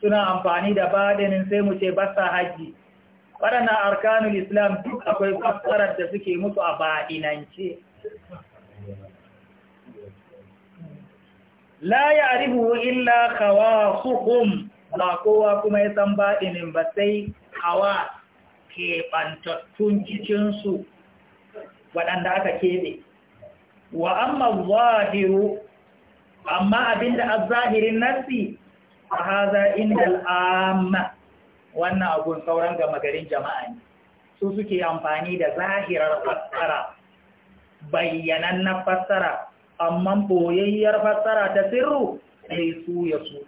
suna amfani da badinin sai mu ce ba sa haji waɗannan arkanul islam duk akwai fassarar da suke musu a badinance la ya'rifu illa khawasuhum ba kowa kuma ya san badinin ba sai hawa keɓantattun cikinsu waɗanda aka keɓe wa amma zahiru amma abinda a zahirin nassi a haza inda al'amma. wannan abun sauran gama garin jama'a ne su suke amfani da zahirar fassara na fassara amma boyayyar fassara ta sirru sai su ya su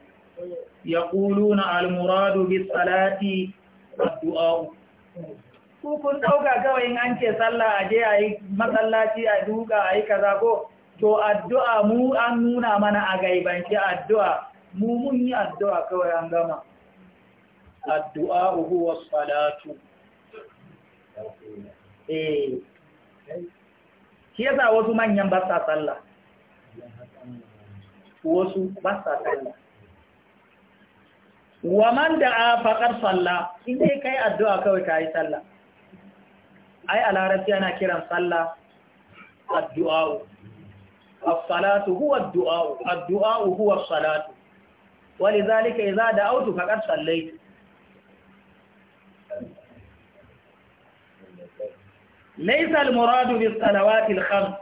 ya ƙulu na almuradu bi salati du'a'u kun ɗauka kawai an ce sallah a je a yi matsalaci a duka a yi kaza ko to addu'a mu an nuna mana a gaibanci addu'a mu mun yi addu'a kawai an gama addu'a uhu wasu salatu eh shi yasa wasu manyan ba sa sallah wasu ba sa sallah wa man da'a faqad salla in dai kai addu'a kawai kai sallah ai a larabci ana kiran sallah addu'a الصلاة هو الدعاء الدعاء هو الصلاة ولذلك إذا دعوت فقد صليت ليس المراد بالصلوات الخمس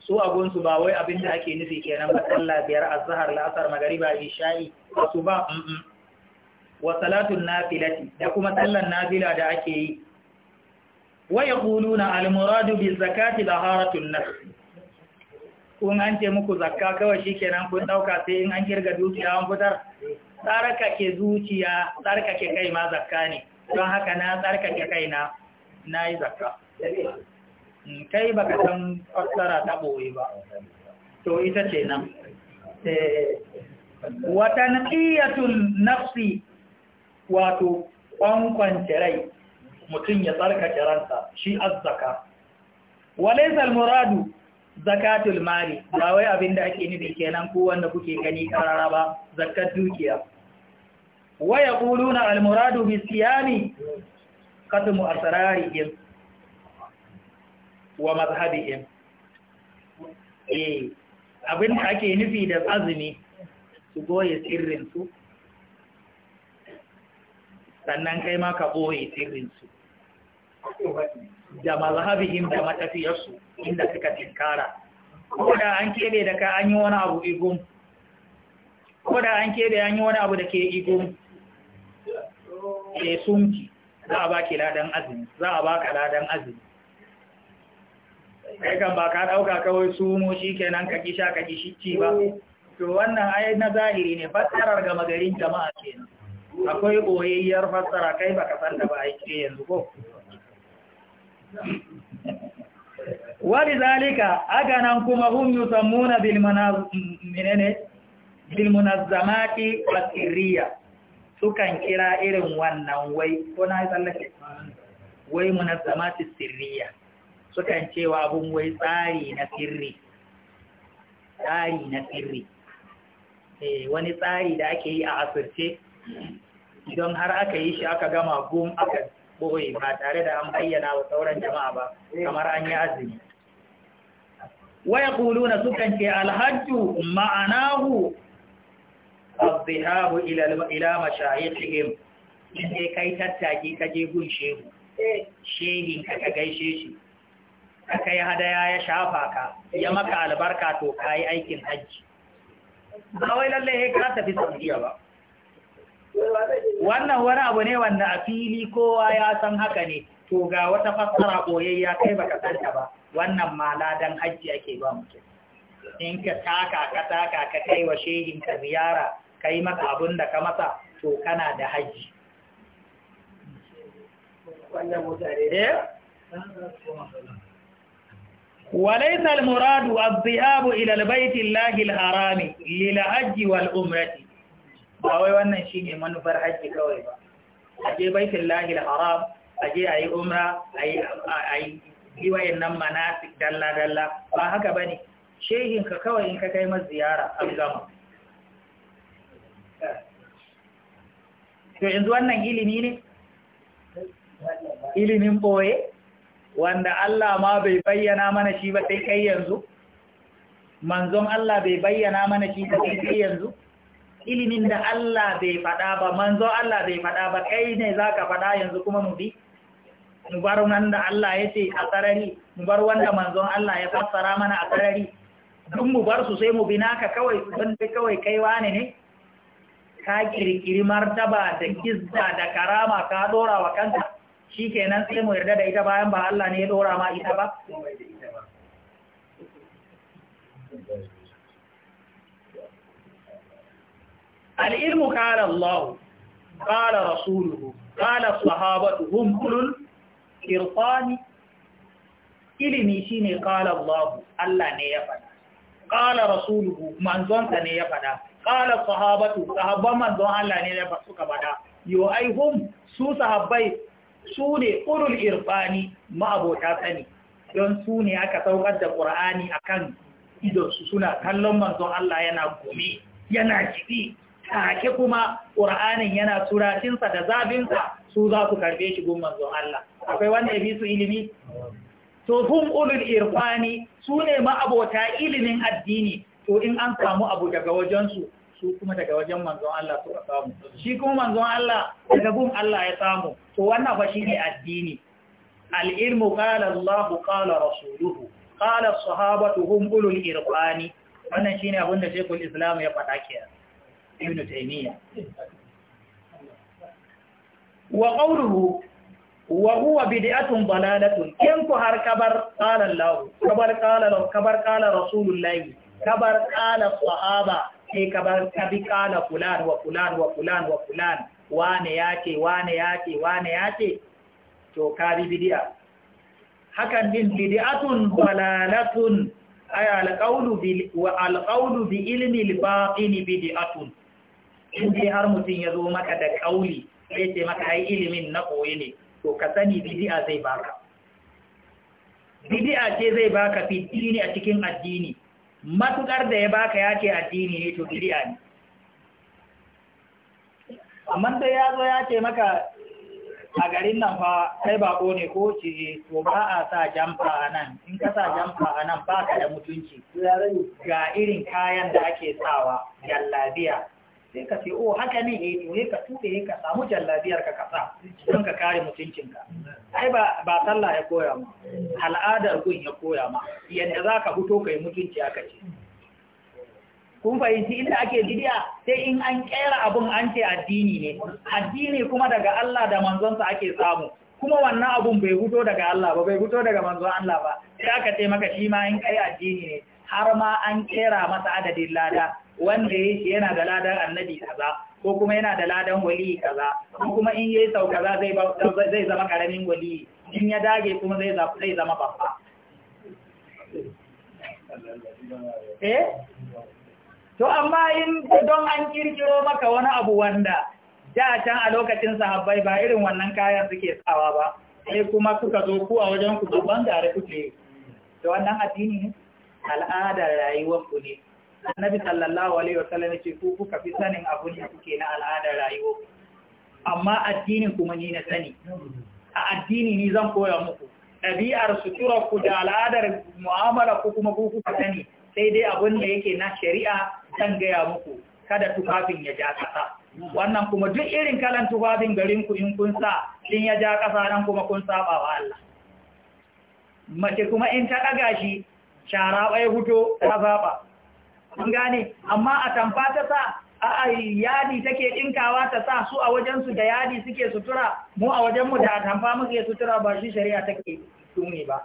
سوء أقول سباوي أبنت أكي نفي كي نمت صلى بيرا الزهر لأثر مغربا إشاء وصباء وصلاة النافلة لكم صلى النافلة أكي ويقولون المراد بالزكاة طهارة النفس kun an ce muku zakka kawai shikenan kun dauka sai in an kirga dukiya an fitar tsarkake zuciya tsarkake kai ma zakka ne don haka na tsarkake kai na na yi zakka mm, kai baka san fassara ta boye ba to ita ce nan eh, wata naqiyatun nafsi wato kwankwan rai mutum ya tsarka ransa shi azzaka al muradu zakatul mali ba wai abin da ake nufi kenan ku wanda kuke gani karara ba zakat dukiya wa yaquluna al muradu bi siyami katmu asrarihim wa madhhabihim eh abin da ake nufi da azumi su goye sirrin su sannan kai ma ka boye sirrin su da mazhabihim da matafiyarsu inda suka tinkara ko da an kebe da ka an yi wani abu igun ko da an kebe an yi wani abu da ke igun ke eh, sunki za a baki ladan azumi za a baka ladan azumi kai kan ba ka dauka kawai su mu kenan ka kisha ka kishi ba to wannan ayi na zahiri ne fassarar ga magarin jama'a kenan akwai boyayyar fassara kai baka san da ba aiki yanzu ko wani zalika aga nan kuma hun yusammuna bilmunazamati basiriya sukan kira irin wannan wai ko na yi tsallake wai munazamati sirriya sukan cewa abun wai tsari na sirri tsari na sirri wani tsari da ake yi a asirce don har aka yi shi aka gama gum aka boye ba tare da an bayyana wa sauran jama'a ba kamar an yi azumi waya kuluna sukan ce alhajju ma'anahu azzihabu ila mashayikhihim in dai kai tattaki ka je gun shehu shehin ka ka gaishe shi ka kai hadaya ya shafa ka ya maka albarka to kai aikin hajji ba wai lalle ka tafi saudiya ba wannan wani abu ne wanda a fili kowa ya san haka ne to ga wata fassara boyayya kai baka santa ba wannan mala don hajji ake ba mutum in ka taka ka taka ka kai wa shehin ka ziyara kai maka abin da ka masa to kana da hajji وليس المراد الذهاب إلى البيت الله الحرام للحج والعمرة ba wai wannan shi ne manufar hajji kawai ba a je baitin lahil haram a je a yi umra a yi biwayen nan manasik dalla-dalla ba haka ba ne shehinka kawai in ka kai ma ziyara an gama to yanzu wannan ilimi ne ilimin ɓoye wanda Allah ma bai bayyana mana shi ba sai kai yanzu manzon Allah bai bayyana mana shi ba sai kai yanzu ilimin da Allah bai faɗa ba manzo Allah bai faɗa ba kai ne za ka faɗa yanzu kuma mu bi mu bar wanda Allah ya ce a sarari mu bar wanda manzon Allah ya fassara mana a sarari Don mu bar su sai mu bi naka kawai don kawai kai wane ne ka kirkiri martaba da kizza da karama ka ɗora wa kanka kenan sai mu yarda da ita bayan ba Allah ne ya ɗora ma ita ba al'ilmu ƙara Allah ƙara rasuluhu ƙara sahabatu hun kulun irfani ilimi shi ne ƙara Allah Allah ne ya faɗa ƙara rasuluhu manzonta ne ya faɗa ƙara sahabatu sahabban manzon Allah ne ya suka faɗa yau aihun su sahabbai su ne ƙurul irfani ma'abota sani don su ne aka saukar da ƙura'ani a kan idonsu suna kallon manzon Allah yana gome yana jiɗi take kuma ƙur'anin yana turatinsa da zabinsa su za su karbe shi gun manzon Allah akwai wanda ya bi su ilimi to hum ulul irfani su ne ma'abota ilimin addini to in an samu abu daga wajensu su kuma daga wajen manzon Allah suka samu shi kuma manzon Allah daga gun Allah ya samu to wannan fa shine addini al-ilmu qala Allah qala rasuluhu qala sahabatu hum ulul irfani wannan shine abin da Sheikhul Islam ya faɗa kenan ibn taymiya wa qawluhu wa huwa bid'atun dalalatun kin ku har kabar qala Allah kabar qala Allah kabar qala rasulullahi kabar qala sahaba sai kabar kabi qala fulan wa fulan wa fulan wa fulan wane yace wane yace wane yace to kabi bid'a hakan din bid'atun dalalatun ay bi ilmi bid'atun in dai har mutum ya zo maka da kauli sai ce maka ai ilimin na koyi ne to ka sani bidi'a zai baka Bidi'a ce zai baka fi dini a cikin addini matukar da ya baka ya ce addini ne to bidi'a ne amma da ya zo ya ce maka a garin nan fa kai bako ne ko ci to ba a sa jamfa a nan in ka sa jamfa a nan ba ka da mutunci ga irin kayan da ake sawa yallabiya sai ka ce oh haka ne eh to ka tuɗe ka samu jallabiyar ka kasa don ka kare mutuncinka ai ba ba ya koya ma al'adar gun ya koya ma yanda za ka fito kai mutunci aka ce kun fahimci inda ake bidiya sai in an kera abun an ce addini ne addini kuma daga Allah da manzonsa ake samu kuma wannan abun bai fito daga Allah ba bai fito daga manzon Allah ba sai aka ce maka shi ma in kai addini ne har ma an kera masa adadin lada wanda ya shi yana da ladan annabi kaza ko kuma yana da ladan wali kaza ko kuma in yayi sau kaza zai zai zama karamin wali in ya dage kuma zai zai zama babba eh to amma in don an kirkiro maka wani abu wanda da can a lokacin sahabbai ba irin wannan kayan suke sawa ba sai kuma kuka zo ku a wajen ku babban gare kuke to wannan addini ne al'adar rayuwar ku ne annabi sallallahu alaihi wasallam ya ce ku kuka fi sanin abun da kuke na al'adar rayuwa amma addinin kuma ni na sani a addini ni zan koya muku ɗabi'ar sutura ku da al'adar mu'amala ku kuma ku kuka sani sai dai abun da yake na shari'a zan gaya muku kada tufafin ya ja kasa wannan kuma duk irin kalan tufafin garin ku in kun sa in ya ja kasa nan kuma kun saba wa Allah mace kuma in ta daga shi shara bai huto ta zaba mun gane amma a tamfa ta sa a yadi take dinkawa ta sa su a wajensu da yadi suke sutura mu a wajenmu da tamfa muke sutura ba shi shari'a take tuni ba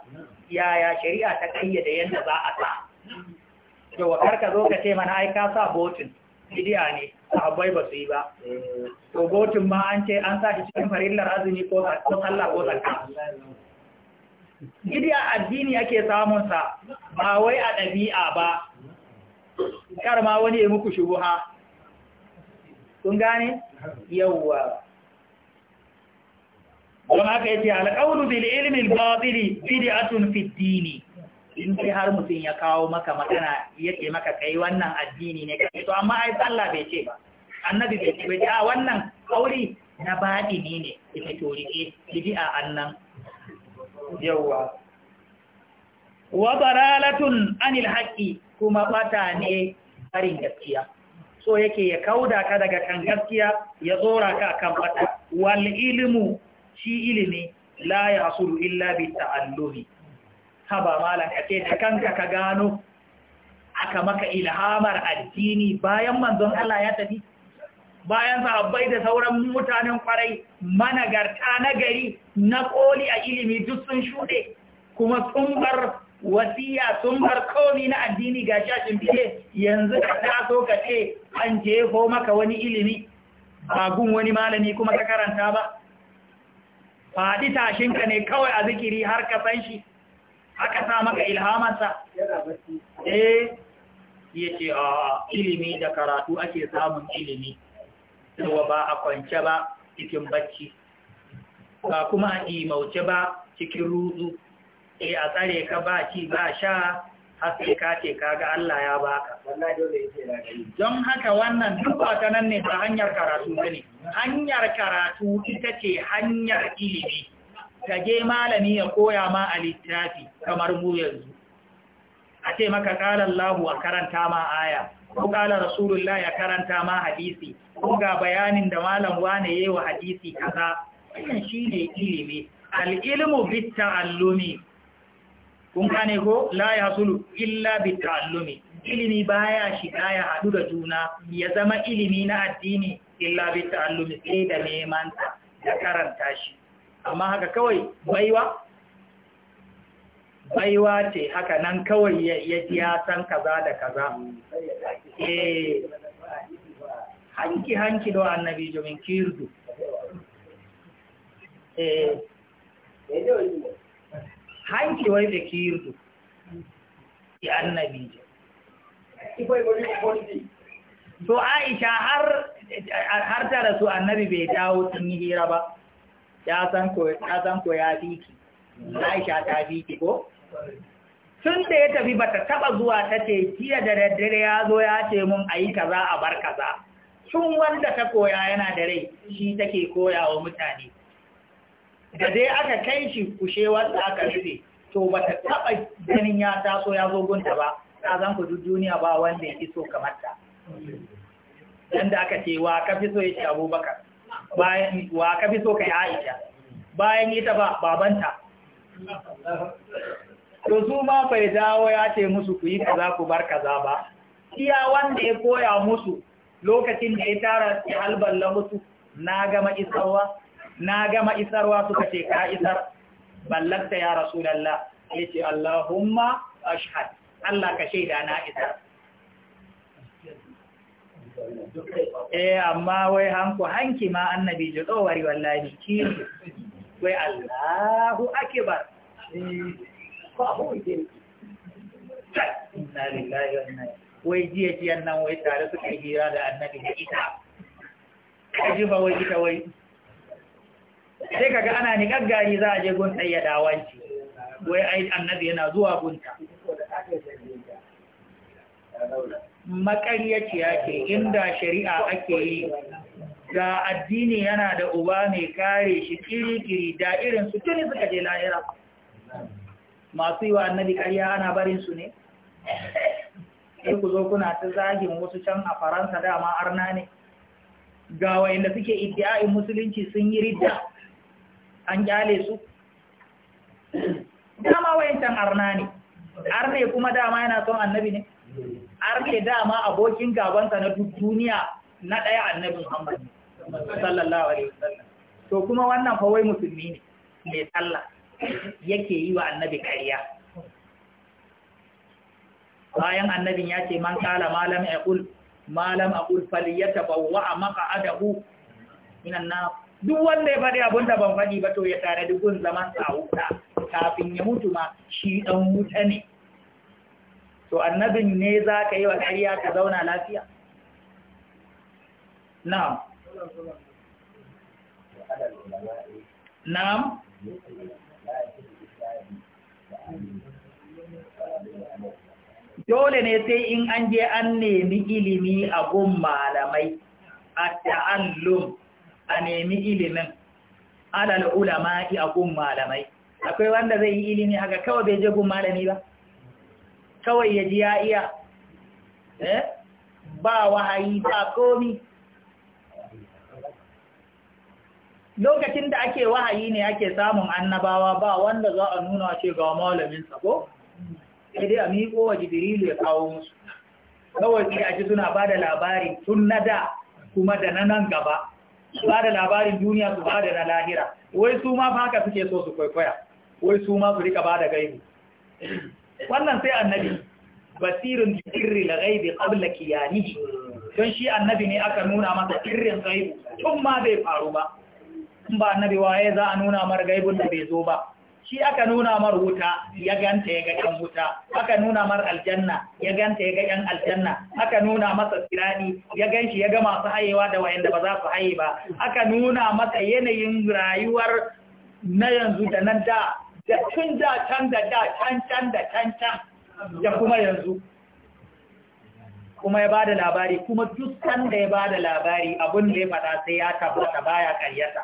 yaya shari'a ta kayyade yadda za a sa To wakar karka zo ka ce mana ai ka sa botin idiya ne sahabbai ba su yi ba to botin ma an ce an sa shi cikin farillar azumi ko sallah ko zakka gidiya addini ake samun sa ba wai a ɗabi'a ba kar ma wani ya muku ha kun gane yawwa don haka yace alqawlu bil ilmi al batili bid'atun fi dini in sai har mutum ya kawo maka magana yake maka kai wannan addini ne kai to amma ai sallah bai ce ba annabi bai ce bai a wannan kauri na batini ne ita to rike bid'a annan yawwa wa dalalatun anil haqqi kuma ɓata ne barin gaskiya so yake ya kauda ka daga kan gaskiya ya zora ka kan bata wal ilmu shi ilimi la yasulu illa bi ta'allumi haba malan kace da kanka ka gano aka maka ilhamar addini bayan manzon Allah ya tafi bayan sahabbai da sauran mutanen kwarai managarta na gari na koli a ilimi duk sun shuɗe kuma sun bar wasiya sun bar kawai na addini ga shashin fiye yanzu ka taso ka ce an jefo maka wani ilimi ba gun wani malami kuma ka karanta ba faɗi tashinka ne kawai a zikiri har ka san shi aka sa maka ilhamansa eh ya ce a ilimi da karatu ake samun ilimi cewa ba a kwance ba cikin bacci ba kuma a imauce ba cikin ruzu E, a tsare ka ba ci ba sha haske ka ce kaga Allah ya baka don haka wannan duk ba ta nan ne ba hanyar karatu ne hanyar karatu ita ce hanyar ilimi Ta je malami ya koya ma a littafi kamar mu yanzu a ce maka kala a karanta ma aya ko kala Rasulullah ya karanta ma hadisi ko ga bayanin da malam wane yi wa hadisi kaza wannan shine ilimi al-ilmu bitta ta'allumi kun kane ko la ya hasulu illa bi ta'allumi ilimi baya shiga ya hadu da juna ya zama ilimi na addini illa bi ta'allumi sai da neman ta da karanta shi amma haka kawai baiwa baiwa ce haka nan kawai ya ji ya san kaza da kaza eh hanki hanki do annabi jomin kirdu eh Hanki wani da yirdu ya annabi so aisha har ta rasu annabi bai dawo sun yi hira ba ya san ko ya fiki aisha ta fiki ko sun da ya tafi ba ta taba zuwa ta ce jiya da daddare ya zo ya ce mun a yi kaza a bar kaza tun wanda ta koya yana da rai shi take koya wa mutane da dai aka kai shi kushe wanda aka rufe to ba ta taɓa ganin ya taso ya zo gunta ba ta zan ku duniya ba wanda ya iso kamar ta dan da aka ce wa ka fi so ya ci abubakar bayan wa ka fi so ka yi aisha bayan ita ba babanta to su ma bai dawo ya ce musu ku yi kaza ku bar kaza ba iya wanda ya koya musu lokacin da ya tara halban lahutu na gama isawa na gama isarwa suka ce ka isar ballanta ya rasulallah ya ce Allahumma ashhad Allah ka shaida na isar eh amma wai hanku hanki ma annabi ji tsowari oh, wallahi ki wai Allahu akbar inna lillahi wa inna wai jiya jiyan yannan wai tare suke hira da annabi da ita Ka ji ba wai ita wai sai ga ana niƙar gari za a je gunta ya dawanci wai ai annabi yana zuwa gunta makaryaciya ce inda shari'a ake yi ga addini yana da uba mai kare shi kirikiri da irin su tuni suka je lahira masu yi wa annabi karya ana barin su ne sai ku zo kuna ta zagin wasu can a faransa dama arna ne ga wayanda suke iddia'in musulunci sun yi ridda an kyale su dama wayancan arna ne arne kuma dama yana son annabi ne arne dama abokin gabansa na duk duniya na ɗaya annabi Muhammad sallallahu alaihi wasallam to kuma wannan fa wai musulmi ne mai sallah yake yi wa annabi kariya bayan annabin ya ce man kala malam aqul malam aqul falyatabawwa maqa'adahu minan nar duk wanda ya faɗi abin da ban faɗi ba to ya tare wani zaman sa wuta kafin ya mutu ma shi ɗan wuta ne to annabin ne za ka yi wa ƙarya ka zauna lafiya na'am na'am dole ne sai in an je an nemi ilimi a gun malamai a ta'allum a nemi ilimin alal ulama'i a gun malamai akwai wanda zai yi ilimi haka kawai bai je gun malami ba kawai ya ji ya iya eh? ba wahayi ba komi lokacin da ake wahayi ne ake samun annabawa ba wanda za a nuna ce ga malamin ko sai dai a miƙo wa jibrilu ya kawo musu kawai sai a ji suna ba da labari tun na da kuma da na nan gaba ba da labarin duniya su ba da na lahira wai su ma haka suke so su kwaikwaya wai su ma su rika ba da gaibu wannan sai annabi basirin irri la gaibi qabla kiyanihi don shi annabi ne aka nuna masa jirrin gaibu tun ma bai faru ba in ba annabi waye za a nuna mar gaibun da bai zo ba shi aka nuna mar wuta ya ganta ya ga 'yan wuta aka nuna mar aljanna ya ganta ya ga 'yan aljanna aka nuna masa sirani ya gan shi ya ga masu hayewa da wayanda ba za su haye ba aka nuna masa yanayin rayuwar na yanzu da nan da da tun da can da da can can da can can da kuma yanzu kuma ya bada labari kuma duk sanda ya bada labari abin da ya faɗa sai ya tabbata baya ƙaryata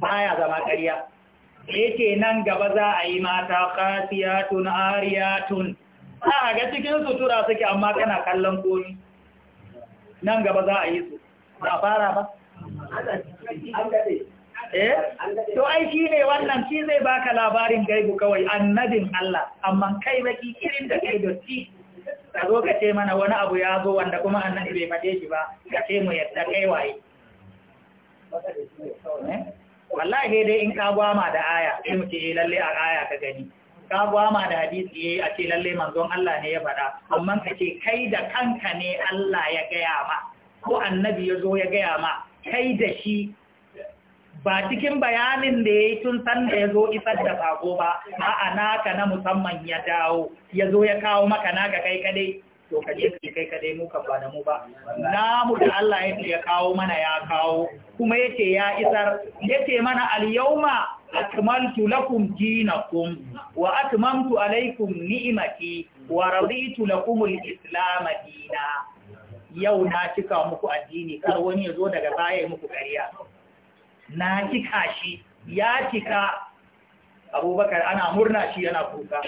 baya zama ƙarya yake nan gaba za a yi mata kasiyatun ariyatun a ga cikin sutura suke amma kana kallon komi nan gaba za a yi su ba fara ba eh to ai shi ne wannan shi zai baka labarin gaibu kawai annabin Allah amma kai baki irin da kai dotti ka zo ka ce mana wani abu ya zo wanda kuma annabi bai faɗe shi ba ka ce mu yadda kai waye eh? wallahi dai in ka gwama da aya sai mu ce lalle a aya ka gani ka gwama da hadisi a ce lalle manzon Allah ne ya faɗa amma ka ce kai da kanka ne Allah ya gaya ma ko annabi ya zo ya gaya ma kai da shi ba cikin bayanin da ya yi tun da ya zo isar da sako ba a'a naka na musamman ya dawo ya zo ya kawo maka naka kai kadai to ka je kai kadai mu ba da mu ba namu da Allah ya ya kawo mana ya kawo kuma yace ya isar yace mana al yawma akmaltu lakum dinakum wa atmamtu alaykum ni'mati wa raditu lakum al islam dina yau na cika muku addini kar wani ya zo daga baya muku kariya na cika shi ya cika abubakar ana murna shi yana kuka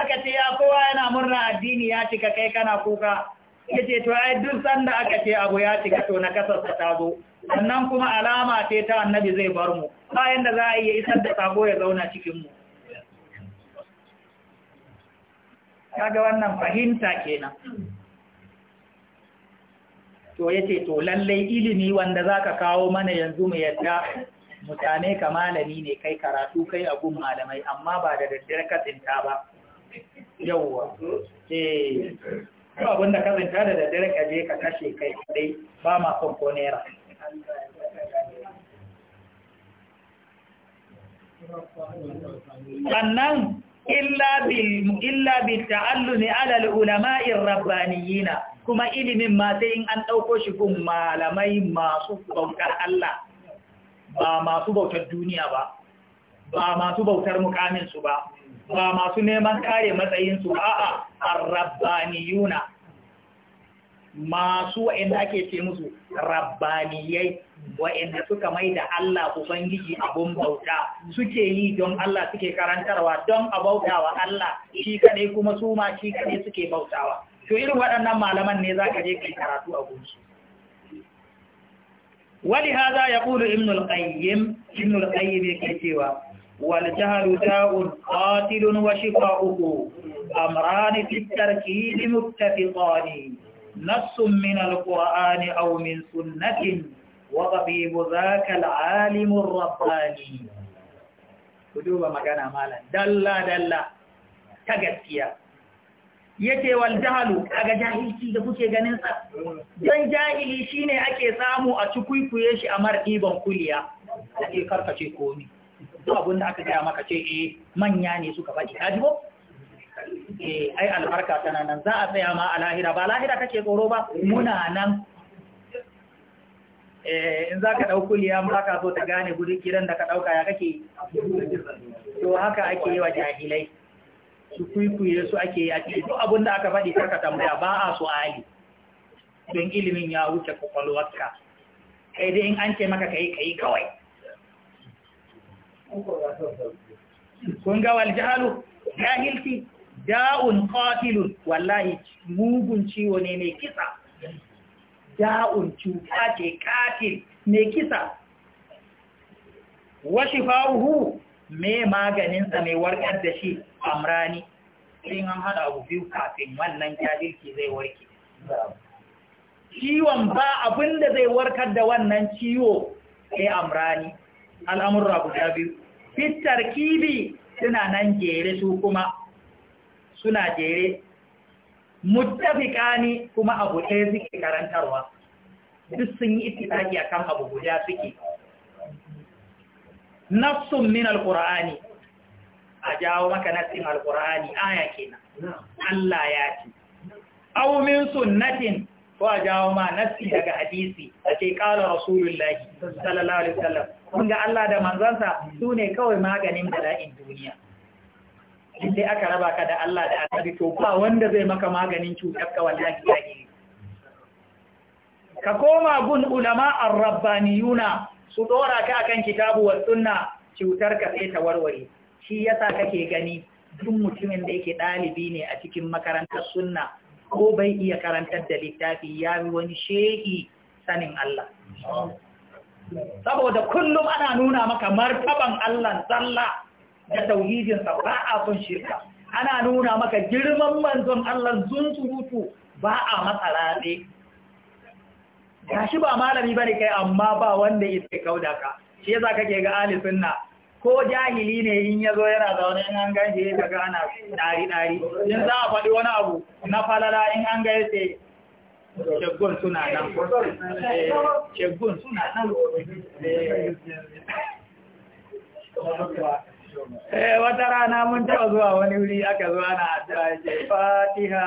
aka ce ya kowa yana murna addini ya cika kai kana kuka ya ce to ai duk sanda aka ce abu ya cika to na kasarsa ta zo sannan kuma alama ce ta annabi zai bar mu bayan da za a iya isar da sako ya zauna cikinmu kaga wannan fahimta kenan to yace to lallai ilimi wanda zaka kawo mana yanzu mu yadda mutane ka malami ne kai karatu kai a gun malamai amma ba da daddare ka tsinta ba yauwa eh Ba abin da ka tsinta da daddare ka je ka kashe kai dai ba ma son naira sannan illa bil ta'allumi ala al-ulama'ir rabbaniyina kuma ilimin ma sai in an dauko shi gun malamai masu bautar Allah ba masu bautar duniya ba ba masu bautar mukaminsu ba ba masu neman kare matsayin matsayinsu a'a arrabbaniyuna masu wa'inda ake ce musu rabbaniyai wa'inda suka mai da Allah Ubangiji abun bauta suke yi don Allah suke karantarwa don a bautawa Allah shi kaɗai kuma su ma shi kaɗai suke bautawa to irin waɗannan malaman ne za ka je yi karatu a gunsu wali haza ya ƙulu ibnul qayyim ibnul cewa wal jahlu da'un qatilun wa shifa'uhu amran fi tarkibi muttafiqani nassun min alqur'ani aw min sunnatin wa tabibu zaka alalim rabbani kuduba magana malan dalla dalla ta gaskiya Yake wal jahalu kaga jahilci da kuke ganin sa dan jahili shine ake samu a cikuikuye shi a ban kuliya ake karkace komi to abin da aka gaya maka ce eh manya ne suka faɗi kaji ko eh ai albarka tana nan za a tsaya ma a lahira ba lahira kake tsoro ba muna nan eh, in za ka kuliya liyan ka so ta gane gudun kiran da ka ɗauka ya kake to haka ake yi wa jahilai su kwikwiye su ake yi duk abin da aka faɗi karka tambaya ba a su ali don ilimin ya wuce kwakwalwarka kai dai in an ce maka kai kai kawai kun ga wal jahalu jahilci da'un qatilun wallahi mugun ciwo ne mai kisa da'un cuta ce katil mai kisa wa shifa'uhu me maganinsa mai warkar da shi amrani sai an hada abu biyu kafin wannan jahilci zai warke ciwon ba abin da zai warkar da wannan ciwo sai amrani al'amurra guda biyu fitar kibi suna nan jere su kuma suna jere mutafikani kuma abu ɗaya suke karantarwa duk sun yi a akan abu guda suke nafsun min al al-Qur'ani a jawo maka nasin alkur'ani aya kenan Allah ya ce aw min sunnatin ko a jawo ma nasi daga hadisi a ce kala rasulullahi sallallahu alaihi wasallam kun ga Allah da manzansa sune kawai maganin bala'in duniya dai aka raba ka da Allah da annabi to ba wanda zai maka maganin cutar ka wallahi yayi ka koma gun ulama ar-rabbaniyuna su dora ka akan kitabu wa sunna cutar ka sai ta warware shi yasa kake gani duk mutumin da yake dalibi ne a cikin makarantar sunna ko bai iya karantar da littafi ya yi wani shehi sanin Allah saboda kullum ana nuna maka martaban Allah zalla da tauhidin ba a kun shirka ana nuna maka girman manzon Allah zun surutu ba a masa rabe gashi ba malami bane kai amma ba wanda yake kauda ka shi yasa kake ga Ali sunna ko jahili ne in ya zo yana zaune in an ganshi ya ga ana ɗari-ɗari in za a faɗi wani abu na falala in an ga yace shaggun suna nan eh, shaggun suna nan eh, wata rana mun taɓa zuwa wani wuri aka zuwa na fatiha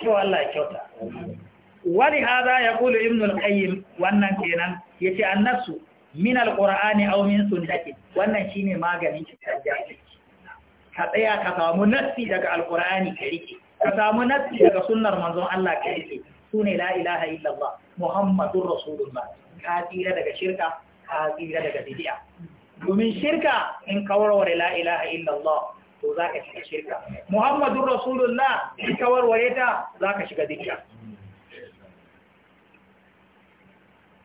cewa Allah ya kyauta wani hada ya kula ibnul al wannan kenan yace annasu min al-qur'ani aw min sunnati wannan shine maganin cutar jahilci ka tsaya ka samu nassi daga al-qur'ani ka rike ka samu nassi daga sunnar manzon Allah ka rike sune la ilaha illallah muhammadur rasulullah ka tsira daga shirka ka tsira daga bid'a domin shirka in kawarware la ilaha illallah to za ka shiga shirka muhammadun rasulullah in ka warware ta za ka shiga dukka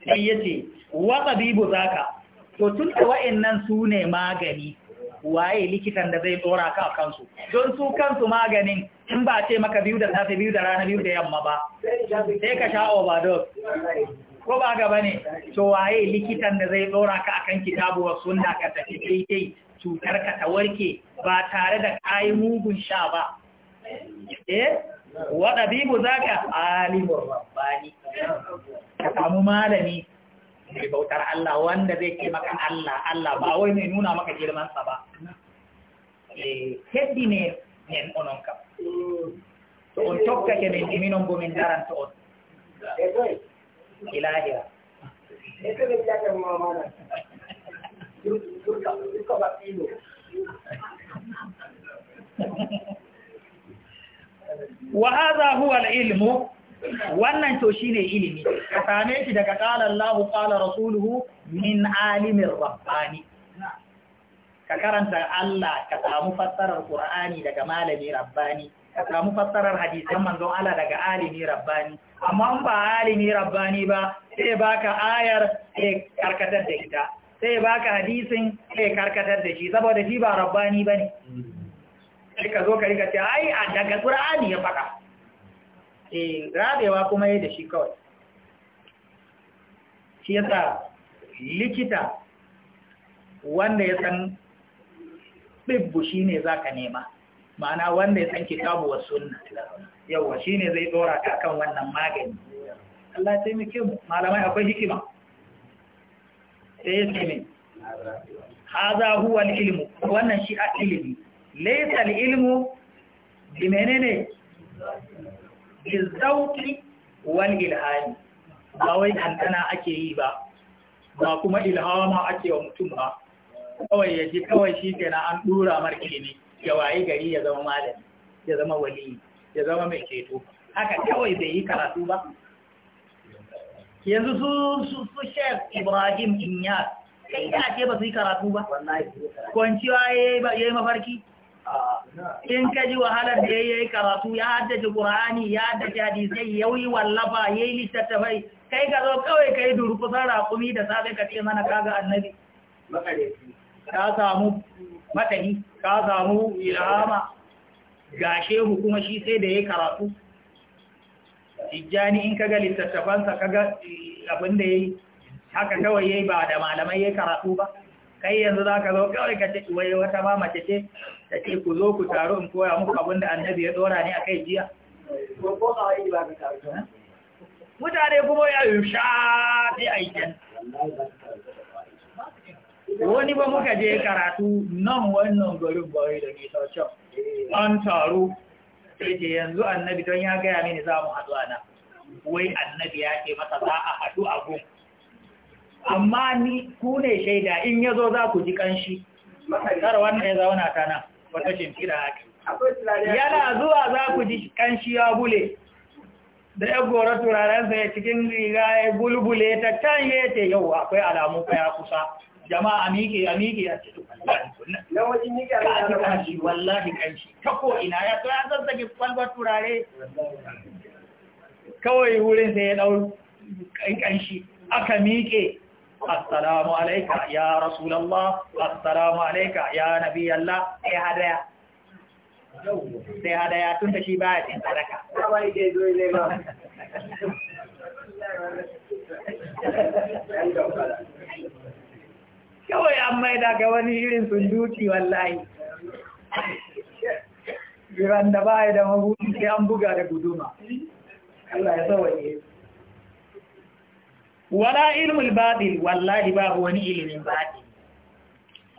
sai ya ce wa tsabibu za ka to tun da nan su ne magani waye likitan da zai tsora ka a kansu don su kansu maganin in ba ce maka biyu da safe biyu da rana biyu da yamma ba sai ka sha overdose ko ba gaba ne to waye likitan da zai tsora ka a kitabu wa sunna ka tafi daidai cutar ka ta warke ba tare da kayi mugun sha ba eh wada bibu zaka alimur rabbani ka samu malami mai bautar Allah wanda zai ke maka Allah Allah ba wai mai nuna maka girman sa ba eh heddi ne ne onon ka to on tokka ke min minon go min daran to on eh, eh, mamana wa hadha huwa wannan to shine ilimi ka same shi daga qala Allahu qala rasuluhu min alimir rabbani ka karanta Allah ka samu fassarar Qur'ani daga malami rabbani ka samu fassarar hadisan manzon Allah daga alimi rabbani amma in ba alimi rabbani ba sai baka ayar sai karkatar da ita sai ba baka hadisin sai ya karkatar da shi saboda shi ba rabbani ba ne. ka zo ka rika ce ai a daga qur'ani ya faɗa eh rabewa kuma yi da shi kawai shi yasa likita wanda ya san shi ne za ka nema ma'ana wanda ya san kitabu was sunna yawa ne zai tsora ka kan wannan magani Allah ta yi mu malamai akwai hikima sai ya haza huwa ilmu wannan shi a ilimi laisa ilmu bi menene bizauki wal ilhami ba wai kankana ake yi ba ba kuma ilhama ake wa mutum ba kawai ya ji kawai shi kenan an dura mar ilimi ya waye gari ya zama malami ya zama wali ya zama mai ceto haka kawai bai yi karatu ba yanzu su su su shek ibrahim inya kai ina ce ba su yi karatu ba kwanciwa ya yi mafarki in ka ji wahalar da ya yi karatu ya haddace ƙur'ani, ya haddace hadisai ya yi wallafa ya yi littattafai kai ka zo kawai ka yi durkusan raƙumi da safe ka ce mana kaga annabi ka samu matahi ka samu ilhama gashe kuma shi sai da ya karatu tijjani in kaga littattafansa kaga eh, abin da yi haka kawai ya yi ba da malamai ya karatu ba kai yanzu za ka zo kawai ka ce wai wata ma mace ce ta ce ku zo ku taru in koya muku abin da annabi ya dora ne kai jiya mutane kuma ya yi sha sai aikin wani ba muka je karatu nan wannan garin bari da nisa can an taru. sai ce yanzu annabi don ya gaya mini za mu haɗu ana wai annabi ya ce masa za a haɗu a gun amma ni ku ne shaida in ya zo za ku ji ƙanshi kar wanda ya zauna ta nan wata shimfiɗa haka yana zuwa za ku ji ƙanshi ya bule da ya gora turarensa ya cikin riga ya bulbule ta can ya ce yau akwai alamu ya kusa jama'a a miƙe a miƙe a cikin wallahi ka ji kanshi wallahi kanshi ta ko ina ya to ya zazzage kwalbar turare kawai wurin sai ya ɗau kanshi aka miƙe assalamu alaika ya rasulallah assalamu alaika ya nabi Allah sai hadaya sai hadaya tun da shi baya cin sadaka Thank you. kawai an maida ga wani irin sunduki wallahi biran da ba da mahudu sai an buga da guduma Allah ya tsawaye wala ilmul batil wallahi babu wani ilimin batil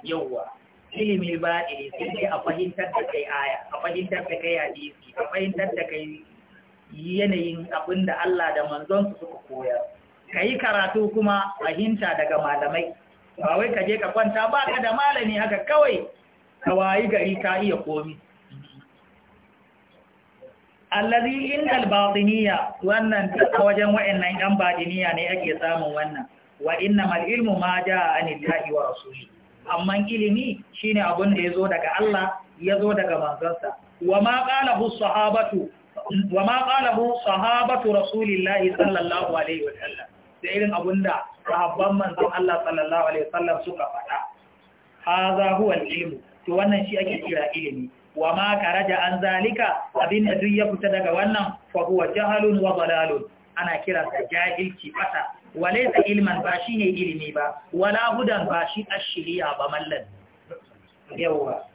yawwa ilimin batil sai dai a fahimtar da kai aya a fahimtar da kai hadisi a fahimtar da kai yanayin abinda Allah da manzon su suka koyar kai karatu kuma fahimta daga malamai ba wai ka je ka kwanta ba ka da malami haka kawai ka wayi gari ka iya komi allazi indal batiniya wannan ta wajen wayannan yan batiniya ne ake samun wannan wa innamal ilmu ma jaa anillahi wa rasuli amma ilimi shine abun da yazo daga Allah yazo daga manzansa wa ma qalahu sahabatu wa ma qalahu sahabatu rasulillahi sallallahu alaihi wa sallam da irin abunda sahabban manzon Allah sallallahu alaihi wasallam suka faɗa hadha huwa al-ilm to wannan shi ake kira ilimi wa ma karaja an zalika abin da duk ya fita daga wannan fa huwa jahalun wa dalalun ana kira sa jahilci fata walaysa ilman ba shine ilimi ba wala hudan ba shi ashiriya ba mallan yawa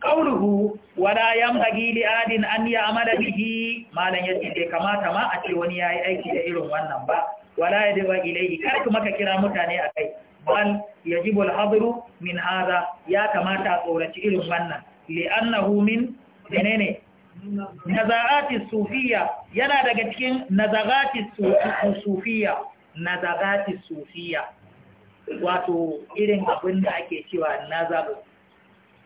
qawluhu wala yanbaghi li adin an ya'mala bihi malan yace bai kamata ma a ce wani yayi aiki da irin wannan ba wala yadwa ilaihi, kar kuma ka kira mutane akai bal yajibu alhadru min hadha ya kamata a tsoraci irin wannan annahu min menene nazarati sufiya yana daga cikin nazarati sufiya nazarati sufiya wato irin abin da ake cewa nazar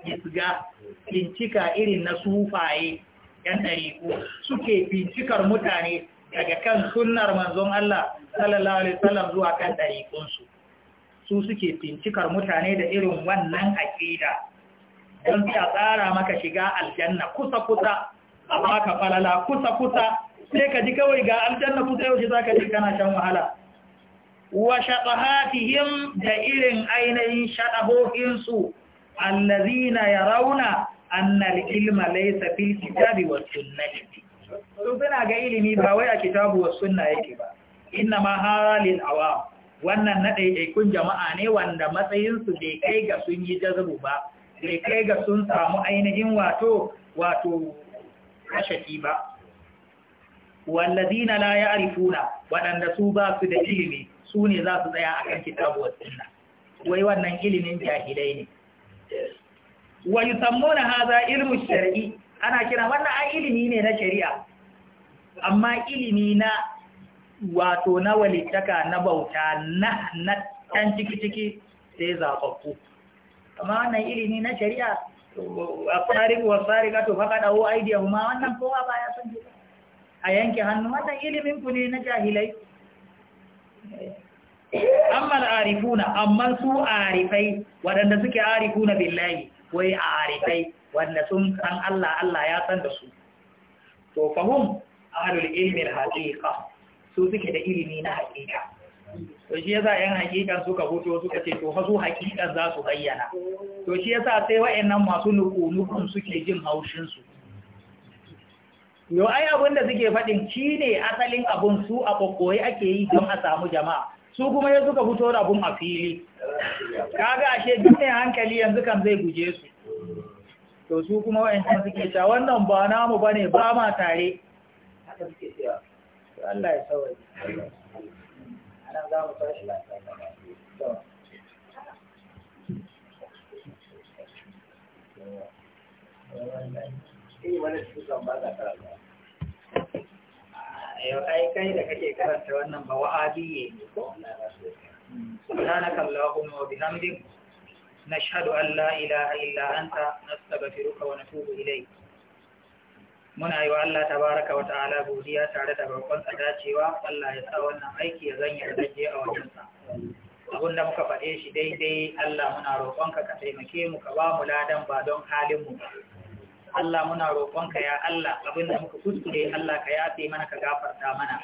isga bincika irin na sufaye yan dariku suke bincikar mutane daga kan sunnar manzon Allah sallallahu alaihi wasallam zuwa kan ɗariƙunsu su suke fincikar mutane da irin wannan aƙida don ta tsara maka shiga aljanna kusa-kusa a falala kusa-kusa sai ka ji kawai ga aljanna kusa yau shi za ji kana shan wahala wa shaɗahatihim da irin ainihin shaɗahohinsu allazina ya rauna annal ilma laisa fil kitabi wa sunnati su suna ga ilimi ba wai a kitabu wa suna yake ba inna ma halin awa wannan na ɗaiɗaikun jama'a ne wanda matsayinsu bai kai ga sun yi jazabu ba bai kai ga sun samu ainihin wato wato kashaki ba wallazina la arifuna waɗanda su ba su da ilimi su ne za su tsaya a kan kitabu wa suna, wai wannan ilimin jahilai ne wa yusammuna haza ilmu shari'i? ana kira wannan ai ilimi ne na shari'a amma ilimi na wato na walittaka na bauta na na can ciki-ciki sai zafafu amma wannan ilimi na shari'a a wa wasari ka to faka dawo idea kuma wannan kowa ba ya san a yanke hannu wannan ilimin ku ne na jahilai amma arifuna amma su arifai waɗanda suke arifuna billahi wai arifai wanda sun san Allah Allah ya san da su to fahum ahlul ilmi al-haqiqa su suke da ilimi na haƙiƙa to shi yasa yan haƙiƙan suka hoto suka ce to su haƙiƙan za su bayyana to shi yasa sai wayannan masu nuku-nukun suke jin haushin su yo ai abin da suke faɗin shi ne asalin abun su a kokkoyi ake yi don a samu jama'a su kuma ya suka fito da abun a fili kaga ashe duk ne hankali yanzu kan zai guje su to su kuma wa'in wa'ancan suke cewa wannan ba namu bane ba ma tare haka ah, ai kai da kake karanta wannan ba wa'adi ne ko na na kallahu wa bihamdihi نشهد أن لا إله إلا أنت نستغفرك ونتوب إليك muna yi wa Allah tabaraka wa ta'ala godiya tare da bakon tsada cewa Allah ya sa wannan aiki ya zanya da je a wajensa Abun da muka faɗe shi daidai Allah muna roƙonka ka taimake mu ka ba mu ladan ba don halin mu Allah muna roƙonka ya Allah abin da muka kuskure Allah ka yafe mana ka gafarta mana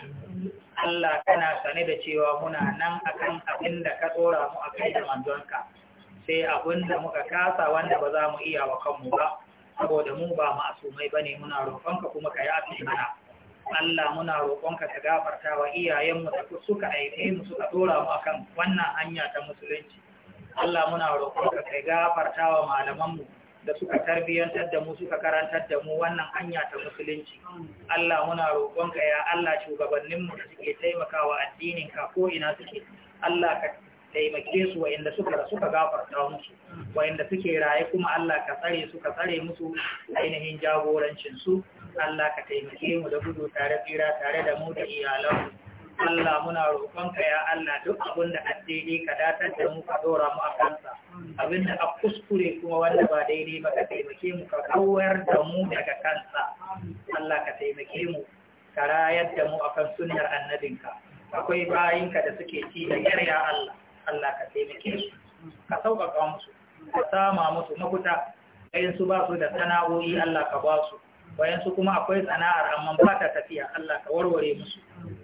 Allah kana sane da cewa muna nan akan abin da ka tsora mu akai da manzonka sai abin da muka kasa wanda ba za mu iya wa kanmu ba saboda mu ba ba bane muna roƙonka kuma ka yafe mana Allah muna roƙonka ka gafarta wa iyayenmu da suka aike mu suka dora mu akan wannan hanya ta musulunci Allah muna roƙonka ka gafarta wa malamanmu da suka tarbiyyantar da mu suka karantar da mu wannan hanya ta musulunci Allah muna roƙonka ya Allah shugabanninmu da suke taimakawa addinin ka ko ina suke Allah ka taimake su wa'inda suka rasu ka gafarta musu wa'inda suke raye kuma Allah ka tsare su ka tsare musu ainihin jagorancin su Allah ka taimake mu da gudu tare tsira tare da mu da iyalan Allah muna ka ya Allah duk abin da addini ka datar da mu ka dora mu a kansa abin da a kuskure kuma wanda ba daidai ba ka taimake mu ka kawar da mu daga kansa Allah ka taimake mu ka rayar da mu akan sunnar annabinka akwai bayinka da suke ci da ya Allah Allah ka taimake su ka sauƙaƙa musu ka sama musu mafuta wayan su ba su da sana'o'i Allah ka ba su wayan su kuma akwai sana'ar amma ba ta tafiya Allah ka warware musu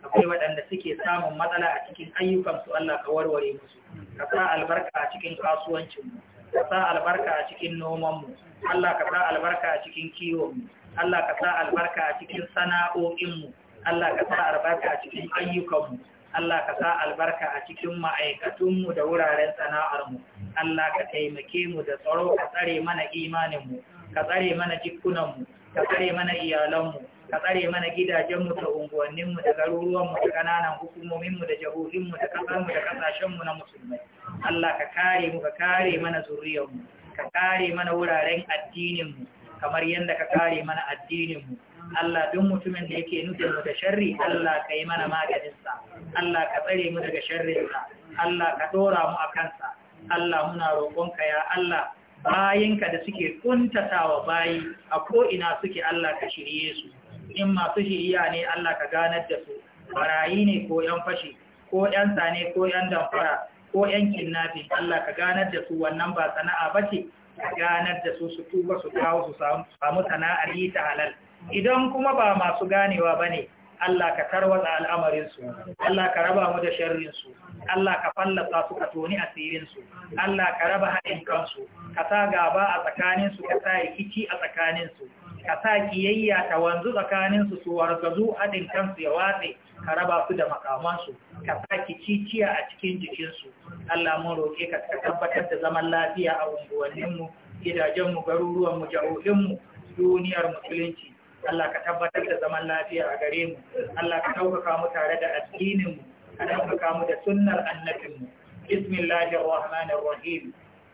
akwai waɗanda suke samun matsala a cikin ayyukansu, Allah ka warware musu ka sa albarka a cikin kasuwancinmu. ka sa albarka a cikin nomanmu. Allah ka sa albarka a cikin kiwonmu. Allah ka sa albarka a cikin sana'o'inmu. Allah ka sa albarka a cikin ayyukanmu. Allah ka sa albarka a cikin ma'aikatunmu da wuraren sana'armu, Allah ka taimake mu da tsaro ka tsare mana imaninmu, ka tsare mana jikunanmu, ka tsare mana iyalanmu, ka tsare mana gidajenmu da unguwanninmu da garuruwanmu da ƙananan hukumominmu da jahohinmu da ƙasarmu da ƙasashenmu na musulmai. Allah ka kare mu ka kare mana zuriyarmu, ka kare mana wuraren addininmu, kamar yadda ka kare mana addininmu. Allah duk mutumin da yake nufin mu da sharri Allah ka yi mana maganinsa. Allah ka tsare mu daga sharrinsa Allah ka ɗora mu a kansa Allah muna roƙonka ya Allah bayinka da suke kuntatawa bayi a ko'ina suke Allah ka shirye su in masu shiriya ne Allah ka ganar da su barayi ne ko ‘yan fashi ko ‘yan sane ko ‘yan damfara ko ‘yan kinnafi Allah ka ganar da su wannan ba sana'a ba ce ka ganar da su su tuba su kawo su samu sana'ar yi ta halal idan kuma ba masu ganewa ba ne Allah ka tarwata al'amarinsu, Allah ka raba mu da sharrinsu, Allah ka fallasa su ka toni tsirinsu, Allah ka raba haɗin kansu, ka sa gaba a tsakaninsu, ka sa rikici a tsakaninsu, ka sa kiyayya ta wanzu tsakaninsu su wargazu haɗin kansu ya watse, ka raba su da makamansu, ka sa kiciciya a cikin jikinsu. Allah mun roƙe ka tabbatar da zaman lafiya a unguwanninmu, gidajenmu, garuruwanmu, jahohinmu, duniyar musulunci. Allah ka tabbatar da zaman lafiya a gare mu Allah ka ɗaukaka mu tare da addinin mu ka ɗaukaka mu da sunnar annabin mu bismillahir rahmanir rahim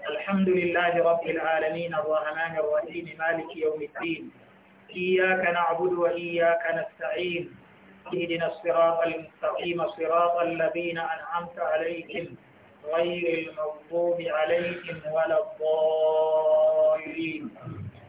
alhamdulillahi rabbil alamin arrahmanir rahim maliki yawmiddin iyyaka na'budu wa iyyaka nasta'in اهدنا الصراط المستقيم صراط الذين أنعمت عليهم غير المغضوب عليهم ولا الضالين